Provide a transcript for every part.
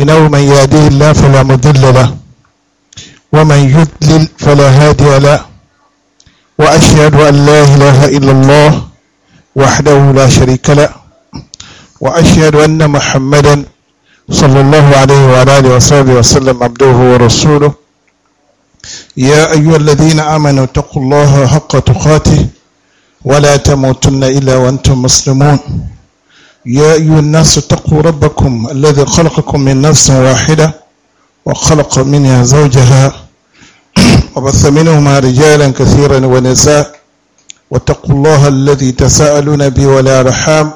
إنه من يهديه الله فلا مضل له ومن يضلل فلا هادي له وأشهد أن لا إله إلا الله وحده لا شريك له وأشهد أن محمدا صلى الله عليه وعلى آله وصحبه وسلم عبده ورسوله يا أيها الذين آمنوا اتقوا الله حق تقاته ولا تموتن إلا وأنتم مسلمون يا أيها الناس اتقوا ربكم الذي خلقكم من نفس واحدة وخلق منها زوجها وبث منهما رجالا كثيرا ونساء واتقوا الله الذي تساءلون به ولا رحام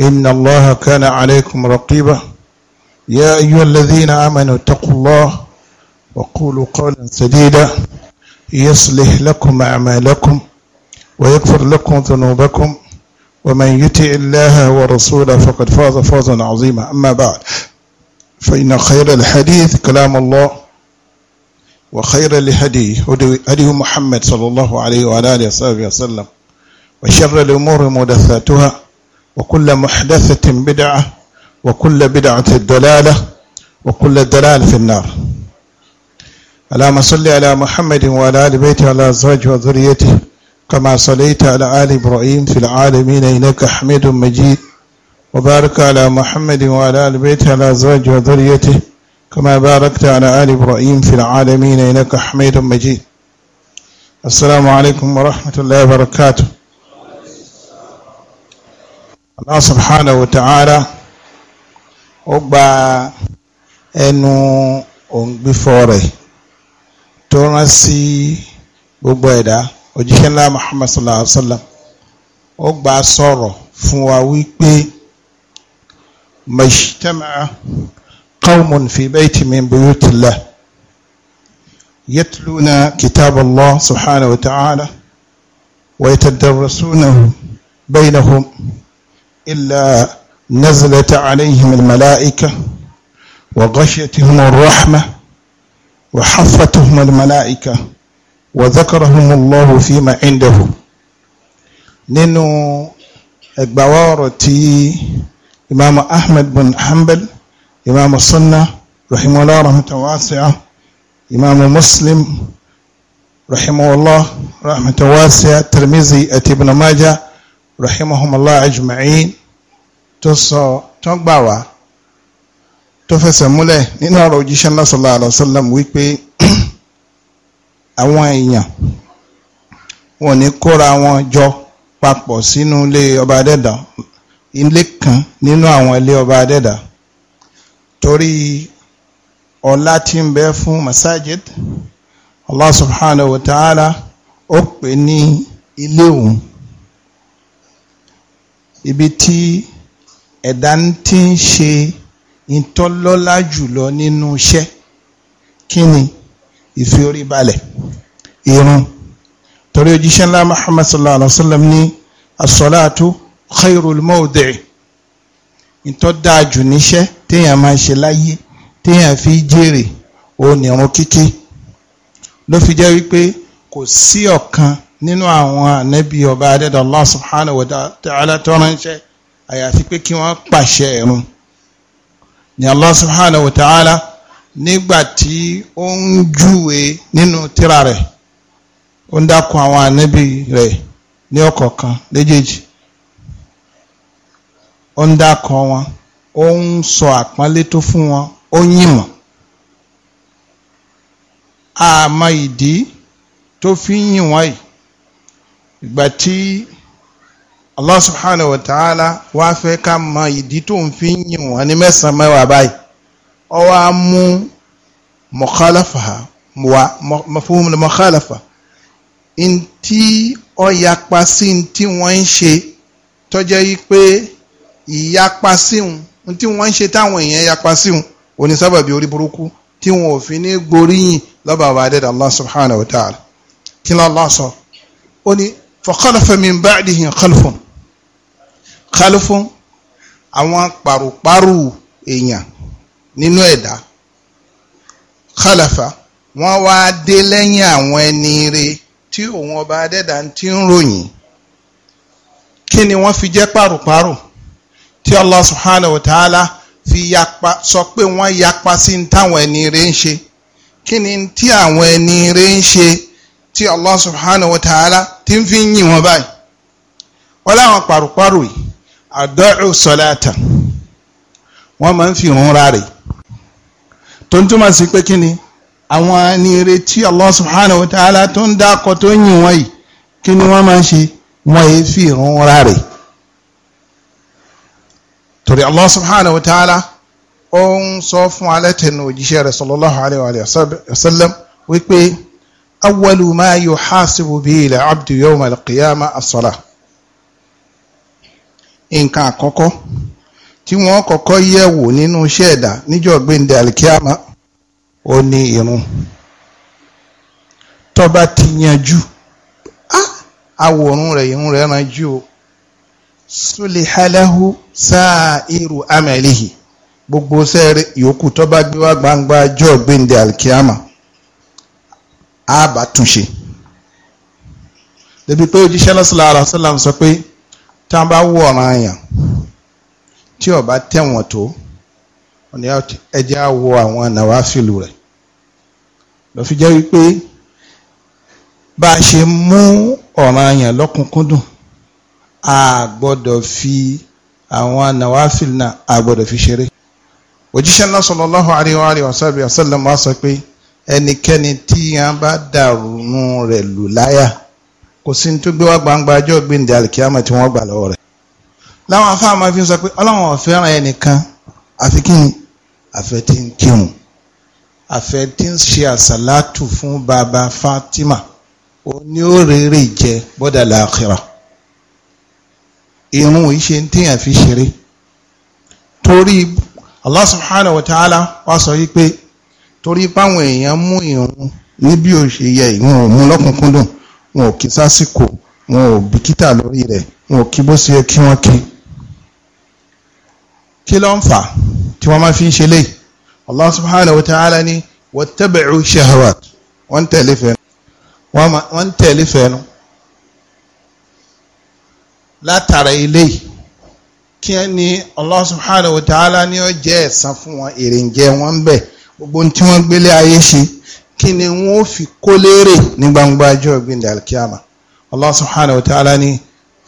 إن الله كان عليكم رقيبا يا أيها الذين آمنوا اتقوا الله وقولوا قولا سديدا يصلح لكم أعمالكم ويغفر لكم ذنوبكم ومن يطع الله ورسوله فقد فاز فوزا عظيما أما بعد فإن خير الحديث كلام الله وخير الهدي هدي محمد صلى الله عليه وعلى آله وصحبه وسلم وشر الأمور محدثاتها وكل محدثة بدعة وكل بدعة ضلالة وكل ضلال في النار اللهم صل على محمد وعلى آل بيته وعلى أزواجه وذريته كما صليت على آل إبراهيم في العالمين إنك حميد مجيد وبارك على محمد وعلى آل بيته على زوج وذريته كما باركت على آل إبراهيم في العالمين إنك حميد مجيد السلام عليكم ورحمة الله وبركاته الله سبحانه وتعالى أبا أنو òǹgbífọ́ rẹ̀ تونسي rán òjíṣẹ́ ńlá Muhammad sallallahu alaihi wa sallam ó gbà sọ̀rọ̀ fún wa wípé majtama'a qawmun fi bayti min buyutillah yatluna kitaballah subhanahu wa ta'ala wa yatadarrasunahu baynahum illa نزلت wa الملائكة arrahma wa hafatuhum الملائكة wàzákàràhùnmùlọ́hù fíìmà ìndẹ̀hù nínú ẹgbàwá ọ̀rọ̀ tí imaamu ahmed bin hanbal imaamu sunna rahimahullah rahmatan wasi'a imaamu muslim rahimahullah rahmatan wasi'a tirmizi àti ibn majah rahimahumullah ajma'in tó sọ tó gbà wá tó fẹsẹ̀ múlẹ̀ nínú ọ̀rọ̀ òjíṣẹ́ náà sallallahu alaihi wasallam wípé àwọn èèyàn wọn ní kóra wọn jọ papọ̀ sínú ilé ọba adẹ́dà ilé kan nínú àwọn ilé ọba adẹ́dà torí ọlá tí ń bẹ fún masajid Allah subhanahu wa ta'ala ó pè ní ilé òun ibi tí ẹ̀dá ti ń ṣe ìtọ́lọ́lá jùlọ nínú iṣẹ́ kí ni ìfi orí balẹ̀ irun torí ojíṣẹ́ ńlá muhammad sallallahu alaihi wa sallam ní asọ́láàtú khairul mawdi'i ìtọ́ dáa jù níṣẹ́ téèyàn máa ṣe láyé téèyàn fi jèrè onírun kíkí ló fi jẹ́ wípé kò sí ọ̀kan nínú àwọn ànábì ọba adẹ́dàá Allah subhanahu wa ta'ala tó ránṣẹ́ àyàfi pé kí wọ́n pàṣẹ ẹ̀rùn ni Allah subhanahu wa ta'ala nígbà ó ń júwe nínú tírà rẹ̀ ó ń dákun àwọn ànábì rẹ̀ ní ọ̀kọ̀ọ̀kan léjèèjì ó ń dákun wọn ó ń sọ àpọ́nlé tó fún wọn ó yìn wọ́n àmọ́ ìdí tó fi yìn wọ́n yìí ìgbà tí Allah subhanahu wa ta'ala wá fẹ́ ká mọ ìdí tó ń fi yìn wọ́n ní mẹ́sàn-án mẹ́wàá báyìí ó wá mú mọ̀kálàfà wá mafhumul mọ̀kálàfà ntí ọ̀yapa sí ntí wọ́n ń ṣe tọ́jẹ́ yí pé ìyapa síhun ntí wọ́n ń ṣe táwọn èèyàn yapa síhun òní sábàbí orí burúkú tí wọn ò fi ní gboríyìn lọ́ba àwọn adẹ́dàá Allah subhanahu wa ta'ala kí ló Allah sọ ó ní mi khalafa min ba'dihim khalfun khalfun àwọn paruparu èèyàn nínú ẹ̀dá khalafa wọ́n wá dé lẹ́yìn àwọn ẹni rẹ̀ tí òun ọba adẹ́dà ti ń ròyìn kí ni wọ́n fi jẹ́ pàrùpàrù tí Allah subhanahu wa ta'ala fi yapa sọ pé wọ́n yapa sí táwọn ẹni rẹ̀ ń ṣe kí ni tí àwọn ẹni rẹ̀ ń ṣe tí Allah subhanahu wa ta'ala ti ń fi yìn wọ́n báyìí wọ́n láwọn pàrùpàrù yìí àdọ́rù sọ́láàtà wọ́n máa ń fi òun rárẹ̀ tó ń túmọ̀ sí pé kí ni àwọn ni retí Allah subhanahu wa ta'ala tó ń dákọ tó yìn wọ́n yìí kí ni wọ́n máa ń ṣe wọ́n yìí fi ìrún ra rẹ̀ torí Allah subhanahu wa ta'ala ó ń sọ fún alẹ́tẹ̀nu òjíṣẹ́ rẹ̀ sallallahu alayhi wa sallam wípé awwalu ma yuhasibu bihi al-abdu yawma al-qiyamah as nǹkan àkọ́kọ́ tí wọ́n kọ́kọ́ yẹ̀ nínú iṣẹ́ ẹ̀dá níjọ́ ó ní irun tó bá ti yanjú àwòrán rẹ̀ irun rẹ̀ ranjú o sulihalahu sáàírù amẹ́lìhì gbogbo sẹ́ẹ̀rẹ̀ yòókù tó bá gbé wá gbangba jọ́ gbéǹde alkiyama á bá túnṣe débi pé òjíṣẹ́ lọ́sọ̀lá ara sọ́lá sọ pé tá a bá wọ ọ̀ràn àyàn tí ó tẹ̀wọ̀n tó ẹ̀jẹ̀ á wọ àwọn nàwáfìlù rẹ̀ ló fi jẹ́ wípé bá a ṣe mú ọ̀ranyàn lọ́kùnkúndùn a gbọ́dọ̀ fi àwọn nàwáfìl náà a gbọ́dọ̀ fi ṣeré òjíṣẹ́ náà sallallahu alaihi wa sallam wá sọ pé ẹnikẹ́ni tí yẹn bá dàrúnú rẹ̀ lù láyà kò sí tó gbé wá gbangba ọjọ́ gbẹ̀ǹdẹ̀ alikiyama tí wọ́n gbà lọ́wọ́ rẹ̀ láwọn afáàmà fi sọ pé ọlọ́wọ́n ọ̀fẹ́ràn ẹnìkan àfi kí àfẹ́ tí ń ṣe àsàlátù fún bàbá Fatima ó ní ó rèrè jẹ bọ́dà làákìrà irun ìṣe tíyàn fi ṣeré torí Allah subhanahu wa ta'ala wá sọ wípé torí báwọn èèyàn mú irun níbi ò ṣe yẹ ìwọ̀n òun lọ́kùnkúndùn wọn ò kí sásìkò wọn ò bìkítà lórí rẹ̀ wọn ò kí bó ṣe yẹ kí wọ́n kí kí ló ń fà tí wọ́n máa fi ń ṣe léyìí allah subhanahu wa ta'ala ni wattabi'u shahawat wọ́n tẹ̀lé fẹ́nu wọ́n tẹ̀lé fẹ́nu látara eléyìí kí ẹ ní allah subhanahu wa ta'ala ni ó jẹ́ ẹ̀san fún wọn èrè ń jẹ wọn bẹ̀ gbogbo tí wọ́n gbélé ayé ṣe kí ni wọ́n fi kólérè ní gbangba ọjọ́ ìgbìndà allah subhanahu wa ta'ala ni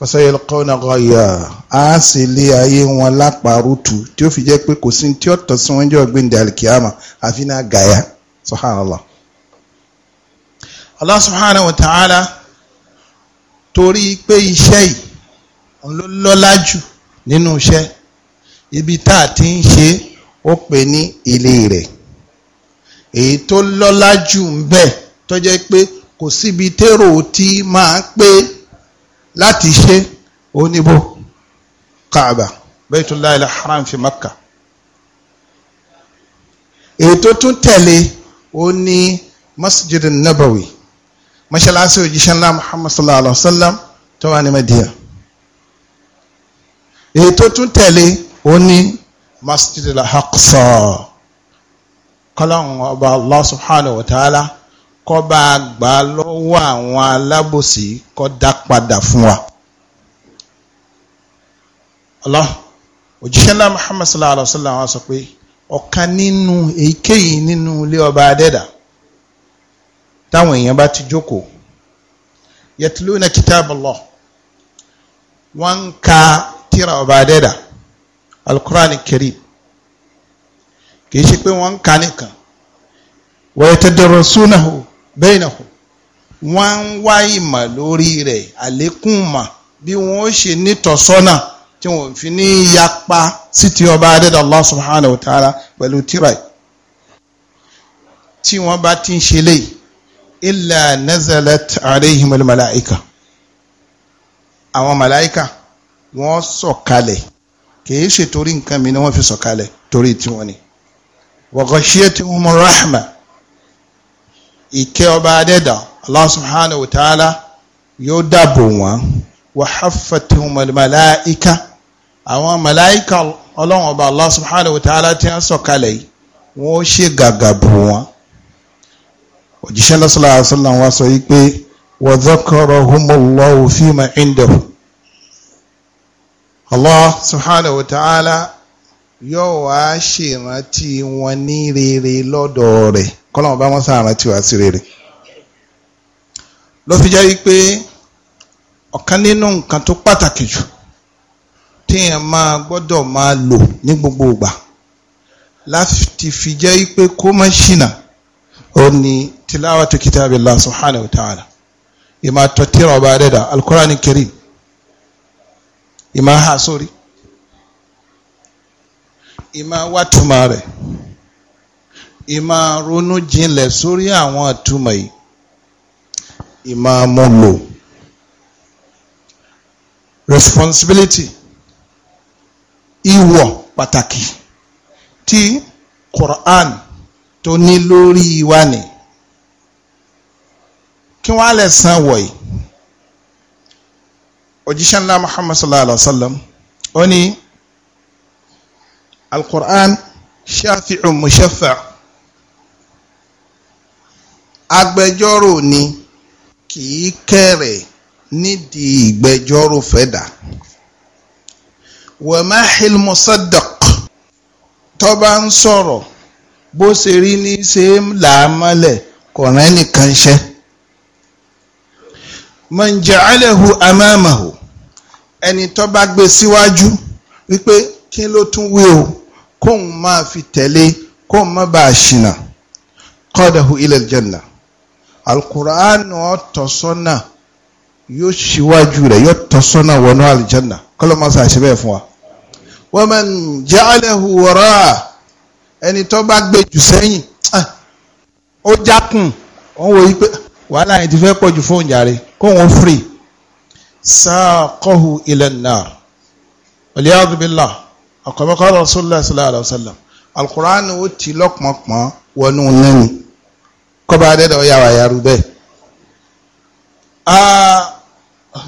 fasayalqawna ghayya á sì lé ayé wọn lápárùtù tí ó fi jẹ́ pé kò sí tí ó tọ́ sí wọn jẹ́ ọ̀gbìn dàlkìámà àfi náà gàyà subhanallah. Allah subhanahu wa ta'ala torí pé iṣẹ́ yìí òun ló lọ́lá jù nínú iṣẹ́ ibi tá a ti ń ṣe ó pè ní ilé rẹ̀ èyí tó lọ́lá jù ń bẹ tó pé kò síbi tèrò tí máa pé láti ṣe oníbò kaaba Baytullahi al-Haram fi Makka ètò tún tẹ̀lé ó ní Masjid Nabawi mọ́ṣáláṣí òjíṣẹ́ ńlá Muhammad sallallahu alaihi wa sallam tó wà ní Madina ètò tún tẹ̀lé ó ní Masjid al-Aqsa kọ́láhùn ọba Allah subhanahu wa ta'ala kọ́ bá a gbà lọ́wọ́ àwọn alábòsí kọ́ dá padà fún wa. Allah òjíṣẹ́ náà Muhammad sallallahu alaihi wa sallam wa sọ pé ọ̀kan nínú èyíkéyìí nínú ilé ọba adẹ́dà táwọn èèyàn bá ti jókòó yatluna kitab Allah wọ́n ń ka tírà ọba adẹ́dà alukurani karim kìí ṣe pé wọ́n ń ka nìkan wa yatadarasunahu bainahum wọ́n ń wá ìmọ̀ lórí rẹ̀ àlékún mà bí wọ́n ó ṣe nítọ̀sọ́nà tí wọ́n fi ní yapa sí ti ọba adẹ́dàá Allah subhanahu wa ta'ala pẹ̀lú tíra tí wọ́n bá ti ń ṣe léyìí illa nazalat alayhim malaika àwọn màláìkà wọ́n sọ̀kalẹ̀ kìí ṣe torí nǹkan mi ni wọ́n fi sọ̀kalẹ̀ torí tiwọn ni wa ghashiyatuhum rahma ìkẹ́ ọba adẹ́dà Allah subhanahu wa ta'ala yóò dàbò wọ́n wa haffathumul malaika àwọn màláìka ọlọ́run ọba Allah subhanahu wa ta'ala tí wọ́n sọ̀kalẹ̀ yìí wọ́n ṣe gàgà bò òjíṣẹ́ sallallahu alaihi sọ yìí pé wa dhakarahumullahu fima indahu Allah subhanahu wa ta'ala yóò wá ṣèrántí wọn ní rere lọ́dọ̀ rẹ̀ kọ́lọ́mù bá wọ́n sáà rántí wá sí rere ló fi jẹ́ pé ọ̀kan nínú nǹkan tó pàtàkì jù téèyàn máa gbọ́dọ̀ máa lò ní gbogbo ìgbà láti fi jẹ́ pé kó má ṣìnà ó ní tilawatu kitabillah subhanahu wa ta'ala ìmá tọ́tíra ọba adẹ́dà alukọ́ránì karim ìmá ha sórí ìmá wàtúmọ̀ rẹ̀ ìmá ronú jinlẹ̀ sórí àwọn àtúmọ̀ yìí ìmá mú lò responsibility ìwọ̀ pàtàkì tí Quran tó ní lórí wa ni kí wọ́n á lè san wọ̀nyí òjíṣẹ́ ńlá Muhammad sallallahu alaihi wa sallam ó ní al-Quran shafi'un mushafa' agbẹjọ́rò ni kì í kẹ̀rẹ̀ nídìí ìgbẹjọ́rò fẹ́dà wàmáhìl musaddaq tó bá ń sọ̀rọ̀ bó ṣe rí ní ṣe ń là á mọ́lẹ̀ kọ̀rẹ́ nìkan ṣẹ́ man ja'alahu amamahu ẹni tó bá gbé síwájú wípé kí ló tún wí o kóun máa fi tẹ̀lé kóun má bàa ṣìnà qadahu ilal janna alukuraanu ọtọsọnà yóò ṣíwájú rẹ̀ yóò tọsọnà wọnú alijanna kọlọmọsá ṣe bẹ́ẹ̀ fún wa. wa man ja'alahu wara'a ẹni tó bá gbé jù sẹ́yìn ah, ó jákùn wọ́n wòye pé wàhálà yẹn ti fẹ́ pọ̀ jù fóun jàre kó wọn firi saaqahu ilan nar waliyadu billah àkọ́bẹ́kọ́ rasulullah sallallahu alayhi wa sallam ó ti lọ́pọ̀npọ̀n wọnú lẹ́yìn kọba adẹ́dà ọ̀yà àyàrú bẹ́ẹ̀.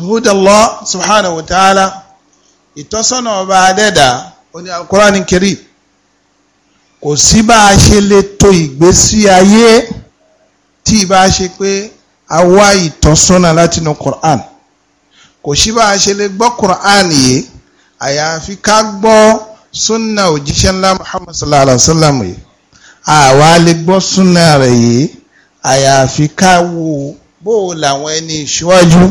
hudallah subhanahu wa ta'ala ìtọ́sọ́nà ọba adẹ́dà oní alukóraní kiri kò sí bá a ṣe lè tò ìgbésí ayé tí ì bá a ṣe pé a wá ìtọ́sọ́nà látinú Qur'an kò sí bá a ṣe lè gbọ́ Qur'an yìí àyàfi ká gbọ́ sunna òjíṣẹ́ ńlá Muhammad sallallahu alaihi wa sallam yìí àwa lè gbọ́ sunna rẹ̀ yìí àyàfi ká wo bó o làwọn ẹni ìṣíwájú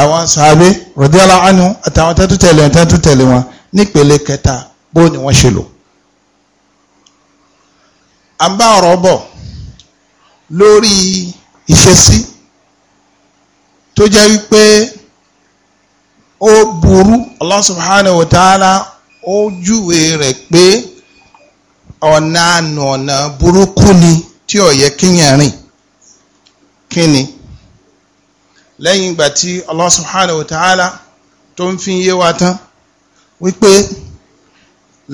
àwọn sàbẹ radiyallahu anhu àtàwọn tẹ́tù tẹ̀lé wọn nípele kẹta bó ni wọ́n ṣe lò. à ń bá ọ̀rọ̀ bọ̀ lórí ìṣesí tó jẹ́ wípé ó burú Allah subhanahu wa ta'ala ó júwe rẹ̀ pé ọ̀nà àna ọ̀nà burúkú ni tí ó kíyàn rìn kíni lẹ́yìn ìgbà tí Allah subhanahu wa ta'ala tó ń fi yé wa tán wípé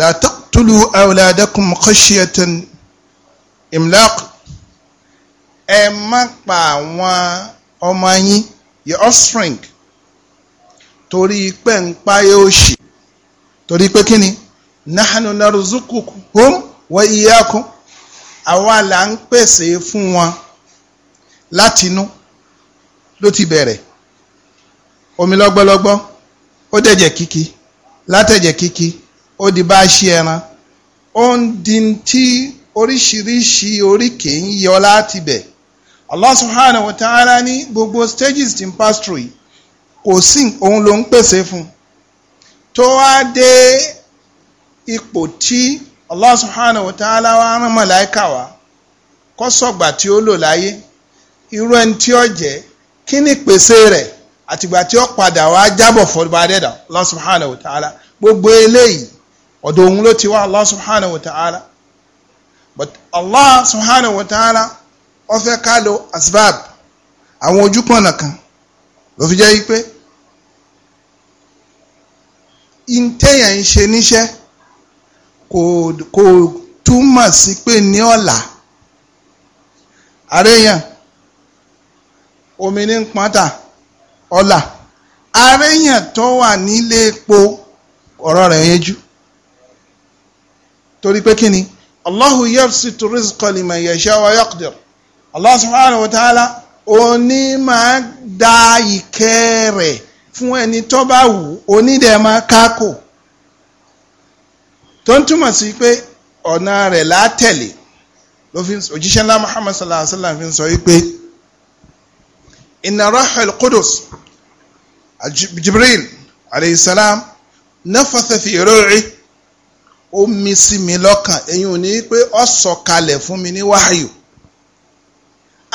la taqtulu awladakum khashyatan imlaq ẹ má pa àwọn ọmọ yín your offspring torí pé ń páyé òṣì torí pé kíni nahanu narzukukum wa iyyakum àwa là ń pèsè fún wọn látinú ló ti bẹ̀rẹ̀ omi lọ́gbọ́lọ́gbọ́ ó dẹ̀jẹ̀ kíkí látẹ̀jẹ̀ kíkí ó di bá a ṣe ẹran ó ń di tí oríṣiríṣi oríkè ń yọ láti bẹ̀ Allah subhanahu wa ta'ala ní gbogbo stages ti ń pass through yìí kò sí òun ló ń pèsè fún tó wá dé ipò tí Allah subhanahu wa ta'ala wa rán màláíkà wá kọ́sọ̀gbà tí ó lò láyé irú ẹni tí ó jẹ́ kí ni pèsè rẹ̀ àtìgbà tí ó padà wá jábọ̀ fọba dẹ́dà Allah subhanahu wa ta'ala gbogbo eléyìí ọ̀dọ̀ òun ló ti wá Allah subhanahu wa ta'ala but Allah subhanahu wa ta'ala ó fẹ́ ká lo asbab àwọn ojúpọ̀nà kan ló fi jẹ́ pé ìtẹ̀yàn ń ṣe níṣẹ́ kò kò túmọ̀ sí pé ní ọ̀la àréyàn omi ní pọ́ntà ọ̀la aréyàn tó wà nílé epo ọ̀rọ̀ rẹ̀ yẹjú torí pé kí ni Allahu yabsitu rizqa liman yasha wa yaqdir Allah subhanahu wa ta'ala oní máa da ìkẹ́ rẹ̀ fún ẹni tó bá wù onídẹ̀ẹ́ máa kákò tó ń túmọ̀ sí pé ọ̀nà rẹ̀ látẹ̀lé òjíṣẹ́ ńlá Muhammad sallallahu alaihi wa sallam fi ń sọ wípé inna rahul qudus jibril alayhi salam nafatha fi ru'i ó mi sí mi lọ́kàn ẹ̀yin ò ní pé ó sọ̀kalẹ̀ fún mi ní wáyò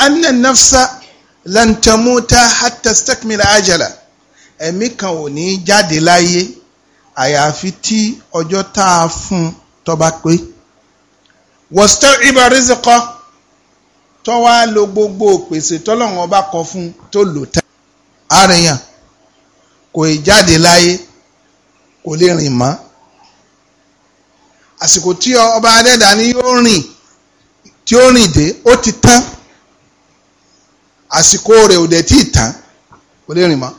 anna nafsa lan tamuta hatta stakmila ajala ẹ̀mí kan ò ní jáde láyé àyàfi tí ọjọ́ tá a fún tó bá pé wastaiba rizqa. tó wá lo gbogbo òpèsè tọ́lọ́run ọba kọ fún tó lò àríyàn kò ì jáde láyé kò lè rìn mọ́ àsìkò tí ọba adẹ́dà ni yóò rìn tí ó rìn dé ti tán àsìkò rẹ̀ ò dẹ̀ tí ì tán kò lè rìn mọ́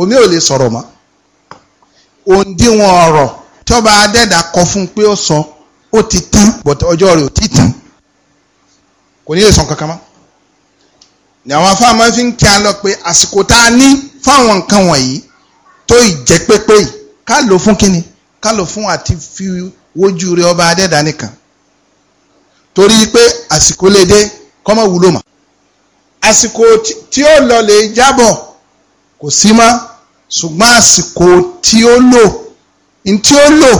omi ò lè sọ̀rọ̀ mọ́ òǹdíwọ̀n ọ̀rọ̀ adẹ́dà kọ ti tán but ọjọ́ rẹ̀ ò tí ì kò ní lè san kankan mọ́ ni àwọn afáà máa fi ń kí a lọ pé àsìkò tá a ní fáwọn nǹkan wọ̀nyí tó ìjẹ́ pépé yìí ká lò fún kíni ká lò fún àti fi wojú rẹ ọba adẹ́dá nìkan torí pé àsìkò lè dé kọ́mọ̀ wúlò mọ́ àsìkò tí ó lọ lè jábọ̀ kò sí mọ́ ṣùgbọ́n àsìkò tí ó lò tí ó lò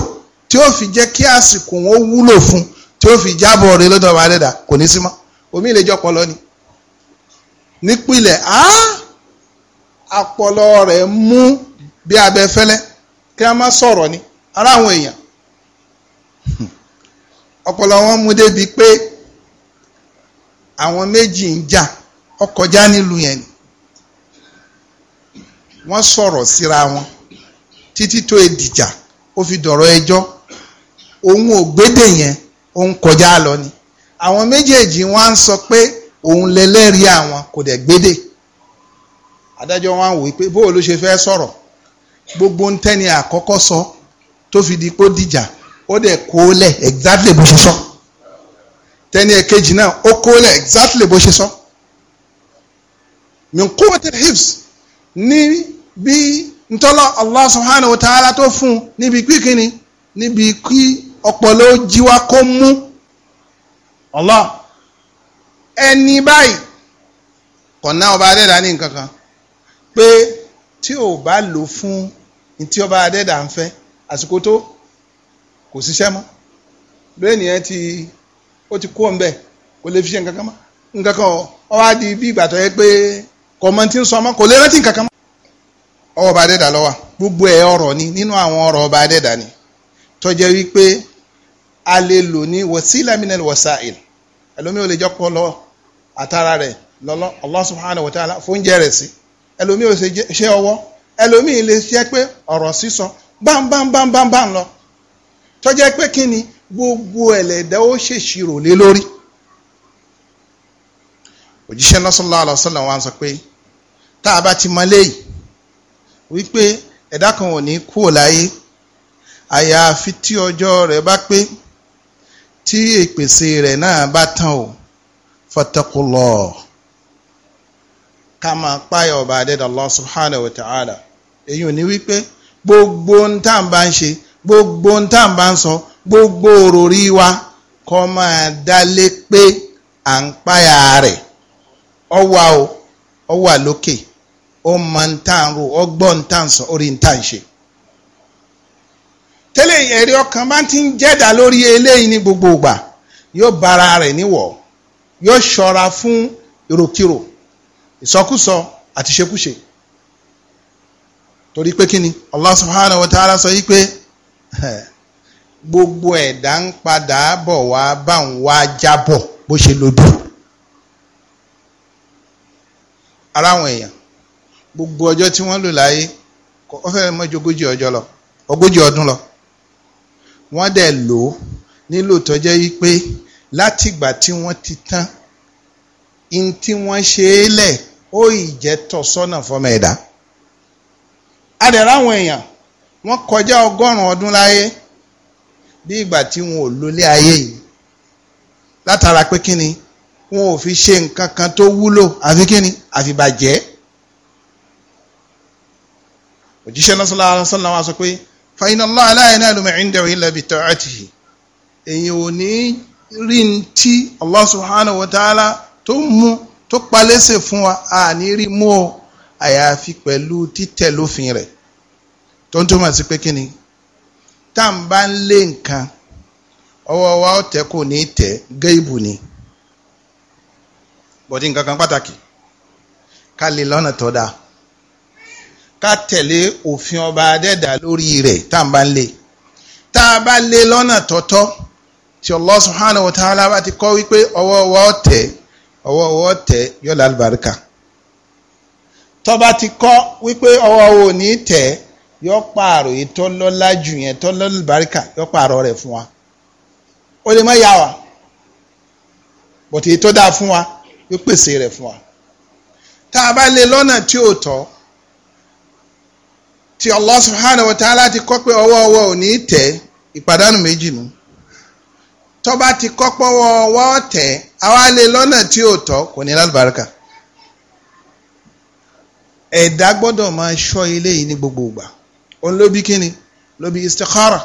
tí ó fi jẹ́ kí àsìkò wọn wúlò fún tí ó fi jábọ̀ rẹ lọ́dọ̀ ọba adẹ́dá kò ní sí mọ́ omi lè jọ pọlọ ni nípìnlẹ̀ á àpọlọ rẹ̀ mú bí abẹ́fẹ́lẹ́ kí a má sọ̀rọ̀ ni ara àwọn èèyàn ọpọlọ wọn mú débi pé àwọn méjì ń jà ọkọjá nílùú yẹn ni wọ́n sọ̀rọ̀ síra wọn títí tó edìjà ó fi dọ̀rọ̀ ẹjọ́ òun ò gbédè yẹn òun kọjá lọ ni àwọn méjèèjì wọn ń sọ pé òun lẹlẹ́rìí àwọn kò dẹ̀ gbédè adájọ́ wọn wò pé bó ló ṣe fẹ́ sọ̀rọ̀ gbogbo ń tẹ́ni àkọ́kọ́ sọ tó fi di pé dìjà ó dẹ̀ kó lẹ̀ exactly bó ṣe sọ tẹ́ni ẹ̀kejì náà ó kó lẹ̀ exactly bó ṣe sọ minkowatil hips ní bí ntọ́lọ́ Allah subhanahu wa ta'ala tó fún un níbi kí kíni níbi kí ọpọlọ jíwá kó mú Allah ẹni báyìí kọ̀nà ọba adẹ́dà ní nǹkan kan pé tí ò bá lò fún tí ọba adẹ́dà ń fẹ́ àsìkò tó kò ṣiṣẹ́ mọ́ bírèèni yẹn ti ó ti kó ń bẹ̀ kò lè fi ṣe nǹkan kan mọ́ nǹkan kan ó wá di bí ìgbà tó yẹ pé kọ̀mọ́ntì ń sọ mọ́ kò lè rántí nǹkan kan mọ́ ọwọ́ ọba adẹ́dà ló gbogbo ẹ̀ ọ̀rọ̀ ni nínú àwọn ọ̀rọ̀ ọba adẹ́dà ni tó jẹ́ wípé a lè lò ní wọ́sílẹ̀ mìíràn wọ́sáìlì ẹlòmí ò lè jọ pọ̀ lọ àtàrà rẹ̀ lọ́lọ́ Allah subhanahu wa ta'ala fún jẹ́rẹ̀ sí ẹlòmí ò ṣe ọwọ́ ẹlòmí lè ṣe pé ọ̀rọ̀ sísọ bámbámbámbámbám lọ tó jẹ́ pé kí ni gbogbo ẹlẹ́dẹ́ ó ṣèṣirò lé lórí òjíṣẹ́ náà sallallahu alaihi wasallam sọ pé tá a bá ti mọ léyìí wípé ẹ̀dá kan ò ní kúrò láyé àyàfi tí ọjọ́ rẹ̀ bá pé tí ìpèsè rẹ̀ náà bá tán o fattakulọ ká máa ọba adẹ́dà ala subhanahu wa ta'ala èyí ò ní wípé gbogbo ń tá gbogbo ń tá gbogbo òròrí wa kọ́ máa dálé pé à ń páyà rẹ̀ ọ wà o ọ wà lókè ó máa ń tàn ro ọgbọ́n ń tẹ́lẹ̀ ẹ̀rí ọkàn bá ti ń jẹ́dà lórí eléyìí ní gbogbo ìgbà yóò bara rẹ̀ níwọ̀ yóò ṣọ́ra fún ìròkìrò ìsọkúsọ àti ṣekúṣe torí pé kí ni Allah subhanahu wa ta'ala sọ yìí pé gbogbo ẹ̀dá ń padà bọ̀ wá bá ń wá jábọ̀ bó ṣe lòdù ara àwọn èèyàn gbogbo ọjọ́ tí wọ́n lò láyé ó fẹ́ mọ́jú ogójì ọjọ́ lọ ogójì ọdún lọ wọ́n dẹ̀ lò ó nílò tó jẹ́ wípé látìgbà tí wọ́n ti tán in tí wọ́n ṣe é lẹ̀ ó ìjẹ́ tọ̀sọ́nà fọmọ ẹ̀dá. a dẹ̀ ráwọn èèyàn wọ́n kọjá ọgọ́rùn-ún ọdún láyé bí ìgbà tí wọn ò lólé ayé yìí látara pé kí ni wọn ò fi ṣe nǹkan kan tó wúlò àfi kí ni àfi òjíṣẹ́ náà sallallahu alaihi sọ pé fa inna Allah la yanalu ma indahu illa bi ta'atihi èyàn ò ní rí n tí Allah subhanahu wa ta'ala tó mú tó palẹ́sẹ̀ fún wa a ní rí mú ọ àyàfi pẹ̀lú títẹ̀ lófin rẹ̀ tó ń túmọ̀ sí pé kí ni tá à bá ń lé nǹkan ọwọ́ wa ó tẹ́ kò ní tẹ́ géèbù ni bọ̀dí nǹkan kan pàtàkì ká lè lọ́nà tó dáa ká tẹ̀lé òfin ọba adẹ́dà lórí rẹ̀ tá à ń bá ń lé tá a bá lé lọ́nà tọ́tọ́ tí Allah subhanahu wa ta'ala bá ti kọ́ wípé ọwọ́ ọwọ́ tẹ̀ ọwọ́ ọwọ́ tẹ̀ yọ̀ọ́ lálùbáríkà tọ́ba ti kọ́ wípé ọwọ́ ọwọ́ ò tẹ̀ yọ pààrọ̀ èyí lọ́lá jù yẹn tó lálùbáríkà yọ pààrọ̀ rẹ̀ fún wa ó lè má yà wá bọ̀tì èyí dáa fún wa yóò pèsè rẹ̀ fún wa tá a bá lé lọ́nà tí ò tọ́ tí Allah subhanahu wa ta'ala ti kọ́ pé ọwọ́ ọwọ́ ò ní tẹ̀ ìpàdánù méjì nù tọ́ba ti kọ́ pọ́wọ́ ọwọ́ tẹ̀ àwa lè lọ́nà tí ò tọ́ kò ní lálùbáríkà ẹ̀dá gbọ́dọ̀ máa ṣọ́ ilé yìí ní gbogbo ìgbà òun ló bí kíni ló bí istikhara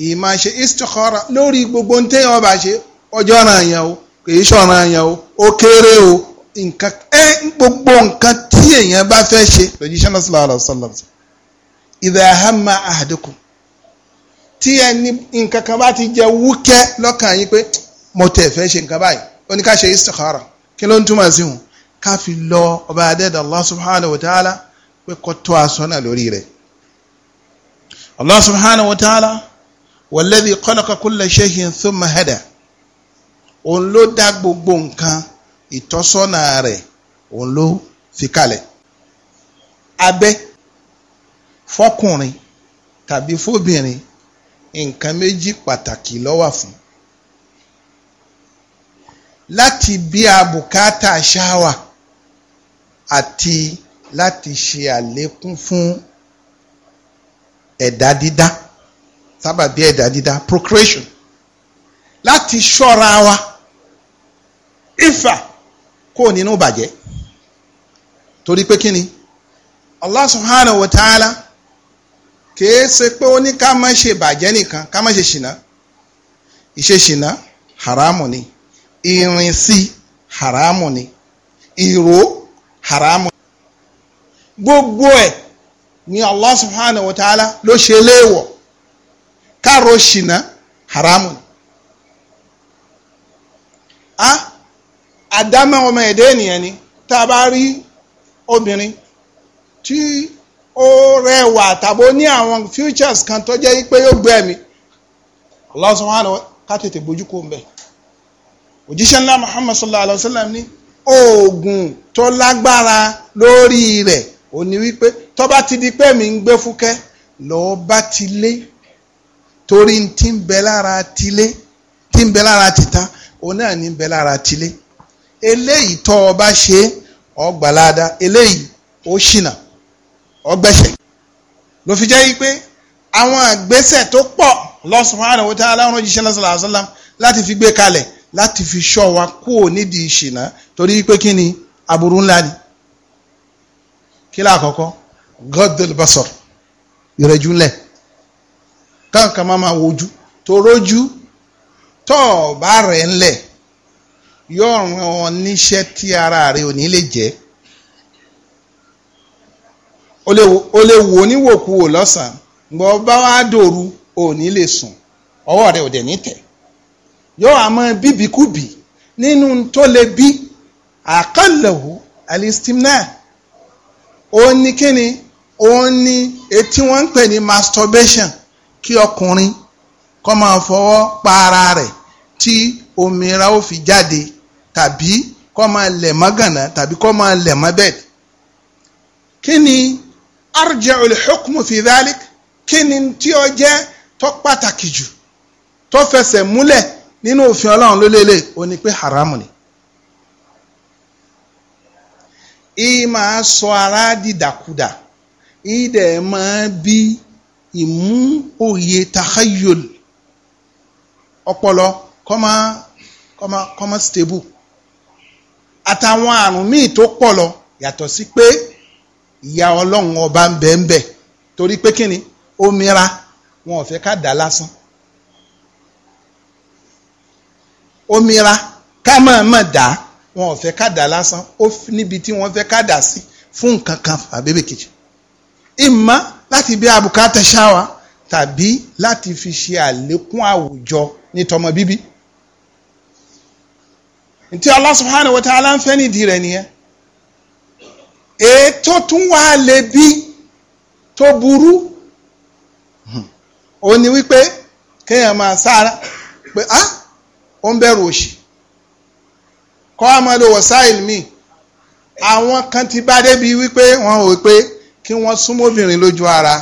yìí máa ṣe istikhara lórí gbogbo ntẹ́yìn ọba ṣe ọjọ́ ọ̀ràn àyàn o kì í ṣọ̀ràn àyàn o ó kéré o nǹkan ẹ gbogbo nǹkan tí èèyàn bá fẹ́ ṣe lójúṣẹ́ náà sallallahu alaihi wasallam idha hamma ahadukum tí ẹni nǹkan kan bá ti jẹ wúkẹ́ lọ́kàn yín pé mo tẹ̀ fẹ́ ṣe nǹkan báyìí ó ní ká ṣe istikhara kí ló ń túmọ̀ sí wọn ká fi lọ ọba adẹ́dà Allah subhanahu pé kó tọ́ asọ́nà lórí rẹ̀ Allah subhanahu wa ta'ala walladhi khalaqa kulla shay'in thumma òun ló dá gbogbo nǹkan ìtọ́sọ́nà rẹ̀ òun ló fi kalẹ̀ abẹ́ fọ́kùnrin tàbí fóbìnrin nǹkan méjì pàtàkì ló wà fún láti bí a bùkátà ṣáwà àti láti ṣe àlékún fún ẹ̀dá dídá sábàbí ẹ̀dá dídá procreation láti ṣọ́ra wa ifá kó nínú bàjẹ́ torí pé kíni Allah subhanahu wa ta'ala kìí ṣe pé ó ní ká má ṣe bàjẹ́ nìkan ká má ṣe ṣìnà ìṣe ṣìnà haramu ni ìrìn sí haramu ni ìró haramu ni gbogbo ẹ̀ ni Allah subhanahu wa ta'ala ló ṣe léèwọ̀ káàró ṣìnà haramu ni. Ah? àdámọ́ ọmọ ẹ̀dá ènìyàn ni tá a bá rí obìnrin tí ó rẹwà tàbó ní àwọn futures kan tó jẹ́ pé yóò gbé ẹ̀mí Allah subhanahu ká tètè bójú kó mbẹ òjíṣẹ́ ńlá Muhammad sallallahu alayhi wa sallam ní oògùn tó lágbára lórí rẹ̀ ò ní wípé tó bá ti di pé mi ń gbé fúkẹ́ lọ́ọ́ bá ti lé torí ti ń bẹ lára tilé ti ń bẹ lára tìta òun náà ní ń bẹ lára tilé eléyìí tọ́ ọ bá ṣe ọgbàláda eléyìí ó ṣìnà ọgbẹ́sẹ̀ ló fi jẹ́ yí pé àwọn àgbésẹ̀ tó pọ̀ Allah subhanahu wa ta'ala jíṣẹ́ sallallahu alaihi wasallam láti fi gbé kalẹ̀ láti fi ṣọ́ wa kúò nídìí ìṣìnà torí pé kí ni aburú ńlá ni kí láàkọ́kọ́ gọ́dọ̀lù basar ìrẹ̀jú ńlẹ̀ káàkà máa ma wojú tó rójú tọ́ọ̀ bá rẹ̀ ńlẹ̀ yóò ràn ọ níṣẹ́ tí ara rẹ ò ní lè jẹ́ o lè wò oníwòkuwò lọ́sàn-án gbọ́ bá wá dòru ò ní lè sùn ọwọ́ rẹ ò dẹ̀ ní tẹ̀ yóò àmọ́ bíbíkúbì nínú tó lè bí àkànlẹ̀wò alistimna òun ni kíni òun ni etí wọ́n ń pè ní masturbation kí ọkùnrin kó máa fọwọ́ pa ara rẹ̀ tí omira ó fi jáde tàbí kọ́ máa lẹ̀ mọ́ gànà tàbí kọ́ máa lẹ̀ mọ́ bẹ́ẹ̀dì. kí ni arja'ul hukmu fi dhalik kí ni tí ó jẹ́ tó pàtàkì jù tó fẹsẹ̀ múlẹ̀ nínú òfin ọlọ́run ló lélẹ̀ ó ní pé haramu ni. ìyí sọ ara dìdàkudà ìyí máa bí ìmú òye takhayul ọpọlọ kọ́má kọ́má kọ́má stable àtàwọn àrùn míì tó pọ̀ lọ yàtọ̀ sí pé ìyá ọlọ́run ọba ń bẹ ń bẹ torí pé kíni ó mira wọn ò fẹ́ ká dà lásán ó mira ká máa mọ̀ dà wọn ò fẹ́ ká dà lásán ó níbi tí wọ́n fẹ́ ká dà sí fún nǹkan kan àbẹ́bẹ̀ kejì ìmọ̀ láti bí abùkátà ṣáwa tàbí láti fi ṣe àlékún àwùjọ ní tọmọ bíbí nti Allah subhanahu wa ta'ala ń fẹ́ nídìí rẹ̀ nìyẹn ètò tún wà lẹ́bi tó burú òun ni wípé kéèyàn máa sára pé ah ó ń bẹ̀rù òṣì kọ́ amadu wasail mi àwọn kan ti bá débi wípé wọ́n wò pé kí wọ́n súnmọ́ obìnrin lójú ara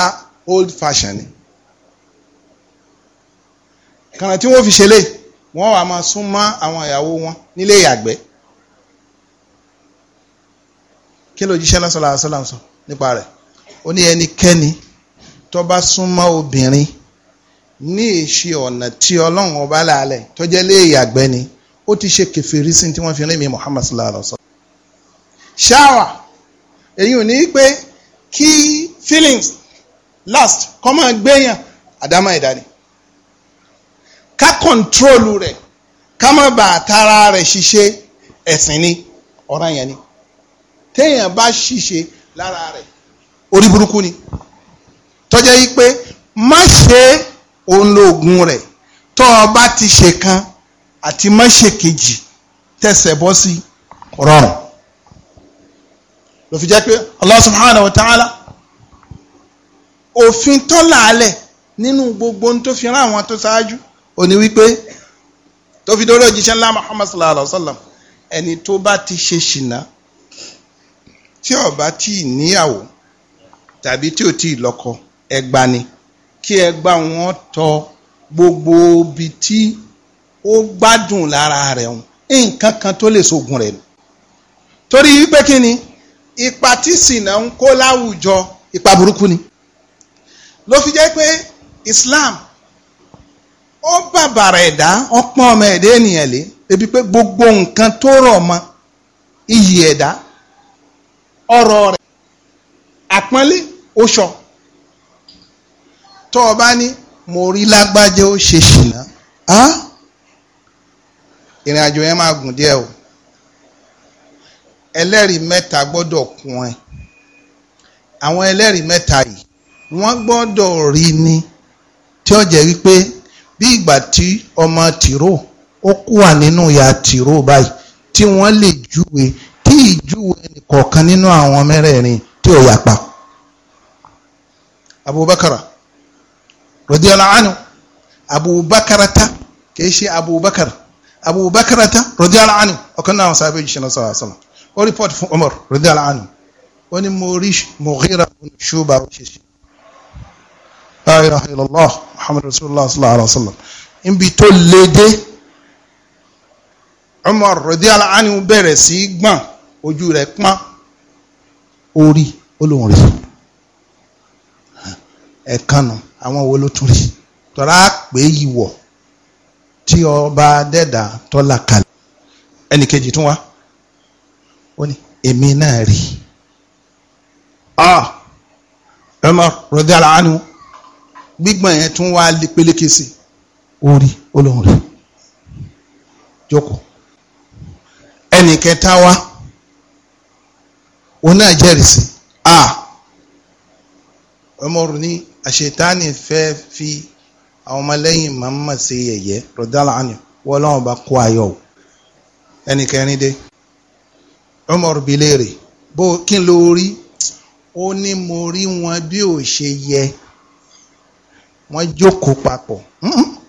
ah old fashion ni kànáà tí wọ́n fi ṣe léyìí wọ́n wà máa sún mọ́ àwọn ìyàwó wọn nílé ìyàgbẹ́ kí ló jíṣẹ́ lọ́sọ̀lá àṣọlám sọ nípa rẹ̀ ó ní ẹnikẹ́ni tó bá sún mọ́ obìnrin ní ìṣe ọ̀nà tí ọlọ́run ọba láàlẹ̀ tó lé ìyàgbẹ́ ni ó ti ṣe kẹfìrí sí tí wọ́n fi rí mi Muhammad sallallahu alaihi wa sallam. ṣáwà èyí ò ní pé kí feelings last kọ́ máa gbéyàn àdámọ́ ẹ̀dá ni ká kọ̀ǹtrólù rẹ̀ ká má bàa tara rẹ̀ ṣiṣẹ́ ẹ̀sìn ni ọ̀ràn yẹn ni téèyàn bá ṣiṣẹ́ lára rẹ̀ orí burúkú ni tọ́jẹ́ yí pé má ṣe òun rẹ̀ tó o bá ti ṣe kan àti má ṣe kejì tẹ̀sẹ̀ bọ́ sí rọrùn ló fi jẹ́ pé Allah subhanahu wa ta'ala òfin tọ́lá alẹ̀ nínú gbogbo ohun tó àwọn tó ṣáájú òní wípé tó fi dórí òjíṣẹ́ ńlá Muhammad sallallahu alaihi wa sallam ẹni tó bá ti ṣe ṣìnà tí ó bá tí níyàwó tàbí tí ò tí lọ́kọ ẹgbà ni kí ẹgbà wọn tọ gbogbo ibi tí ó gbádùn lára rẹ̀ hùn nǹkan kan tó lè ṣògùn rẹ̀ nù torí wípé kí ni ipa tí ṣìnà ń kó láwùjọ ipa burúkú ni ló fi jẹ́ pé Islam ó bàbàrà ẹ̀dá ọpọ́n ọmọ ẹ̀dá ènìyàn lé ebi pé gbogbo nǹkan tó rọ̀ mọ́ iyì ẹ̀dá ọ̀rọ̀ rẹ̀ àpọ́nlé oṣọ tó o bá ní mo rí lágbájá ó ṣe ṣìnà á ìrìn àjò yẹn máa gùn díẹ̀ o ẹlẹ́rìí mẹ́ta gbọ́dọ̀ kún ẹ àwọn ẹlẹ́rìí mẹ́ta yìí wọ́n gbọ́dọ̀ rí ni tí ó jẹ́ wípé bí ìgbà tí ọmọ tìró ó kú wà nínú ìyá tìró báyìí tí wọ́n lè júwe tí ìjúwe nìkọ̀ọ̀kan nínú àwọn mẹ́rẹ̀ẹ̀rin tí ò yapa. abubakar radiyallahu anhu abubakarata kì í ṣe abubakar abubakarata radiyallahu anhu ọ̀kan náà sábẹ́ jù ṣẹlẹ̀ sọ̀rọ̀ àṣàlọ̀ ó rìpọ́tì fún umar radiyallahu anhu ó ní mo rí mughira ṣùgbọ́n ó ṣe ṣe la ilaha illallah muhammadu rasulullah sallallahu alaihi wa sallam níbi tó lé dé Umar radiyallahu anhu bẹ̀rẹ̀ sí í gbọ̀n ojú rẹ̀ pọ́n orí olóhùn rẹ̀ ẹ̀kanu àwọn wo ló tún rí tọ́lá pé ìwọ̀ tí ọba dẹ́dà tọ́lá kalẹ̀ ẹnì kejì tún wá ó ní èmi náà rí ah Umar radiyallahu anhu gbígbọ̀n yẹn tún wá peléke sí orí olóhùn rẹ̀ jókòó ẹnì kẹta wá òun náà jẹ́rìí sí a ọmọrùn ní àṣetáni fẹ́ fi àwọn ọmọlẹ́yìn màmá ṣe yẹ̀yẹ́ rọ̀dálà wọ́n lọ́wọ́ bá kó ayọ̀ o ẹnì kẹrin dé ọmọrù bíi léèrè bó kí n ló rí ó ní mo rí wọn bí ò ṣe yẹ wọ́n jókòó papọ̀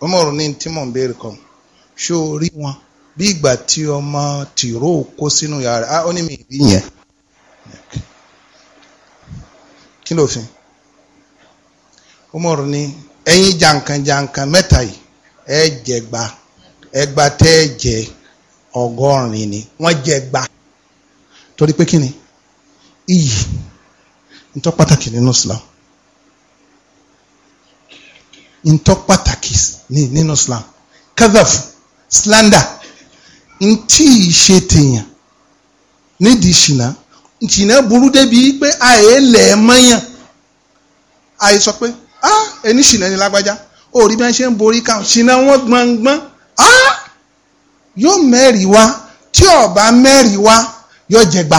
Umaru ní tí mò ń béèrè kan ṣó rí wọn bí ìgbà tí ọmọ tìró kó sínú yàrá ah, ó ní mi rí yẹn kí ló fi Umaru ní ẹ̀yin jankan mẹ́ta yìí ẹ jẹ gba ẹgba tẹ́ ẹ jẹ ọgọ́rin ni wọ́n jẹ gba torí pé kí ni iyì ń tọ́ pàtàkì nínú Islam ntọ́ pàtàkì nínú Islam kazaf slander ntí ìṣe tèèyàn nídìí ṣìnà ṣìnà burú débi pé àyè lẹ̀ mọ́yàn àyè sọ pé a eni ṣìnà ni lágbájá òòrí bí wọ́n ṣe ń borí káwọn ṣìnà wọn gbọ̀ngbọ̀n ah yóò mẹ́rìí wa tí ọba mẹ́rìí wá yóò jẹgba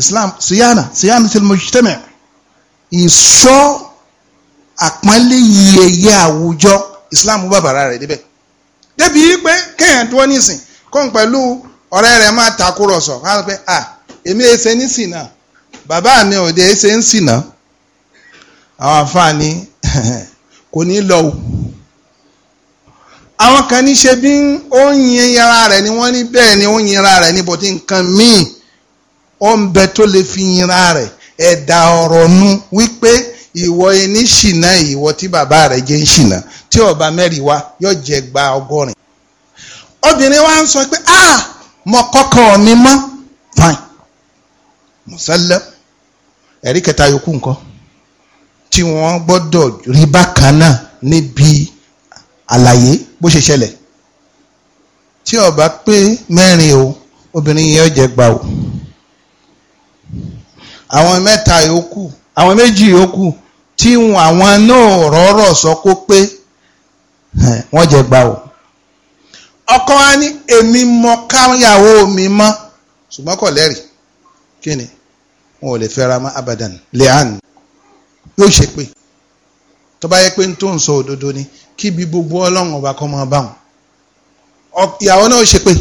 Islam siyana siyana tilmujtama ìsọ. So àpọ́nlé yẹyẹ àwùjọ islam bàbàrà rẹ̀ débẹ̀ débi pé kéèyàn tó nísìn kóun pẹ̀lú ọ̀rẹ́ rẹ̀ máa takùrọ̀sọ wọn á sọ pé à èmi ẹsẹ̀ e ní sìnà bàbá mi ò dé ẹsẹ̀ ń sìnà àwọn àfààní kò ní lọ o àwọn kan ní ṣe bí ó ń yin ara rẹ̀ ni wọ́n ní bẹ́ẹ̀ ni ó ń yin ara rẹ̀ ní bọ̀tí nǹkan míì ó ń bẹ tó lè fi yin ara rẹ̀ ẹ̀dà ọ̀rọ̀ nu wípé ìwọ ẹni ṣìnà ìwọ tí bàbá rẹ̀ jẹ́ ń ṣìnà tí ọba mẹ́rin wa yóò jẹ gba ọgọ́rin obìnrin wa ń sọ pé ah mo kọ́kọ́ mi mọ́ fine mùsálẹ́ ẹ̀rí kẹta yòókù nǹkan tí wọ́n gbọ́dọ̀ rí bákan náà níbi àlàyé bó ṣe ṣẹlẹ̀ tí ọba pé mẹ́rin o obìnrin yẹn jẹ gbà o àwọn mẹ́ta yòókù àwọn méjì yòókù tí àwọn náà rọ́rọ̀ sọ kó pé wọ́n jẹ gbà o ọkọ wa ní èmi mọ káyàwó mi mọ́ ṣùgbọ́n kò lẹ́rìí kí ni wọn ò lè fẹ́ra mọ́ abadan lehan yóò ṣe pé tó bá yẹ pé n tó ń sọ òdodo ni kíbi gbogbo ọlọ́run ọba kọ́ mọ́ bá wọn ìyàwó náà ṣe pé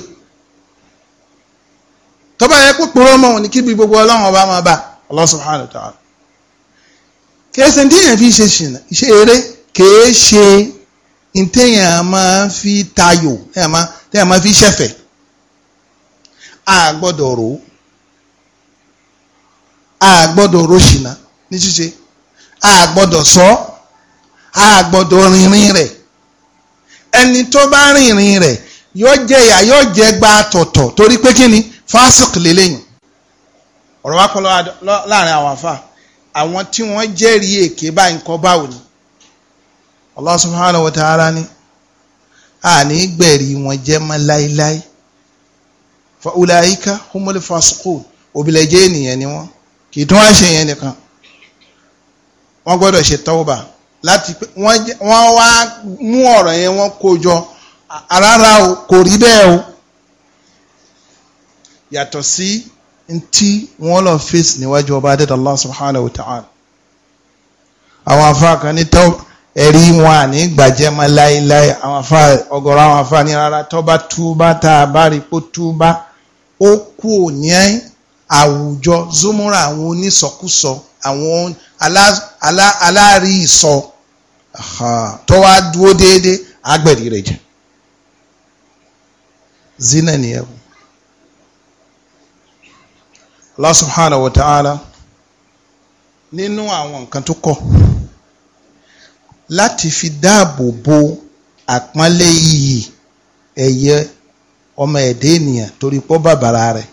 tó bá yẹ pé pòrọ́mọ̀ ni kíbi gbogbo ọlọ́run ọba máa bá Allah subhanahu wa ta'ala kìí ṣe téèyàn fi ṣe ṣìnà ṣe eré kìí ṣe téèyàn máa fi tayò téèyàn máa fi ṣẹ̀fẹ̀ a gbọ́dọ̀ rò ó a gbọ́dọ̀ rò ṣìnà ní ṣíṣe a gbọ́dọ̀ sọ a gbọ́dọ̀ rìnrìn rẹ̀ ẹni tó bá rìnrìn rẹ̀ yóò jẹ yóò jẹ gba tọ̀tọ̀ torí pé kí ni fásitì lélẹ́yìn ọ̀rọ̀ wa kọ́ láàrin àwọn àfáà àwọn tí wọ́n jẹ́rìí èké báyìí nǹkan báwo ni Allah subhanahu wa ta'ala ni àní gbẹ̀rí wọn jẹ́ mọ́ láíláí fa ulaika humul fasiqun òbílẹ̀jẹ́ ènìyàn ni wọ́n kì í tún wá ṣe yẹn nìkan wọ́n gbọ́dọ̀ ṣe tọ́wọ́bà láti pé wọ́n wá mú ọ̀rọ̀ yẹn wọ́n kó jọ rárá o kò rí bẹ́ẹ̀ o yàtọ̀ sí. Si, ntí wọ́n lọ fèsì níwájú ọba adé Allah subhanahu wa ta'ala àwọn afa kan ní tọ́ ẹ̀rí wọn àní gbàjẹ́ mọ́ láéláé àwọn afa ọ̀gọ̀rọ̀ àwọn afa ní rárá tọ́ba túbá tá a bá rí pó túbá ó kú òní àwùjọ zúmúra àwọn onísọkúsọ àwọn aláàrí ìsọ tó wá dúó déédéé agbẹ̀rí rẹ̀ jẹ́ zina nìyẹn o Allah subhanahu wa ta'ala nínú àwọn nǹkan tó kọ̀ láti fi dáàbò bo àpọ́nlé iyì ẹ̀yẹ ọmọ ẹ̀dẹ́ ènìyàn torí pọ́ bàbàrà rẹ̀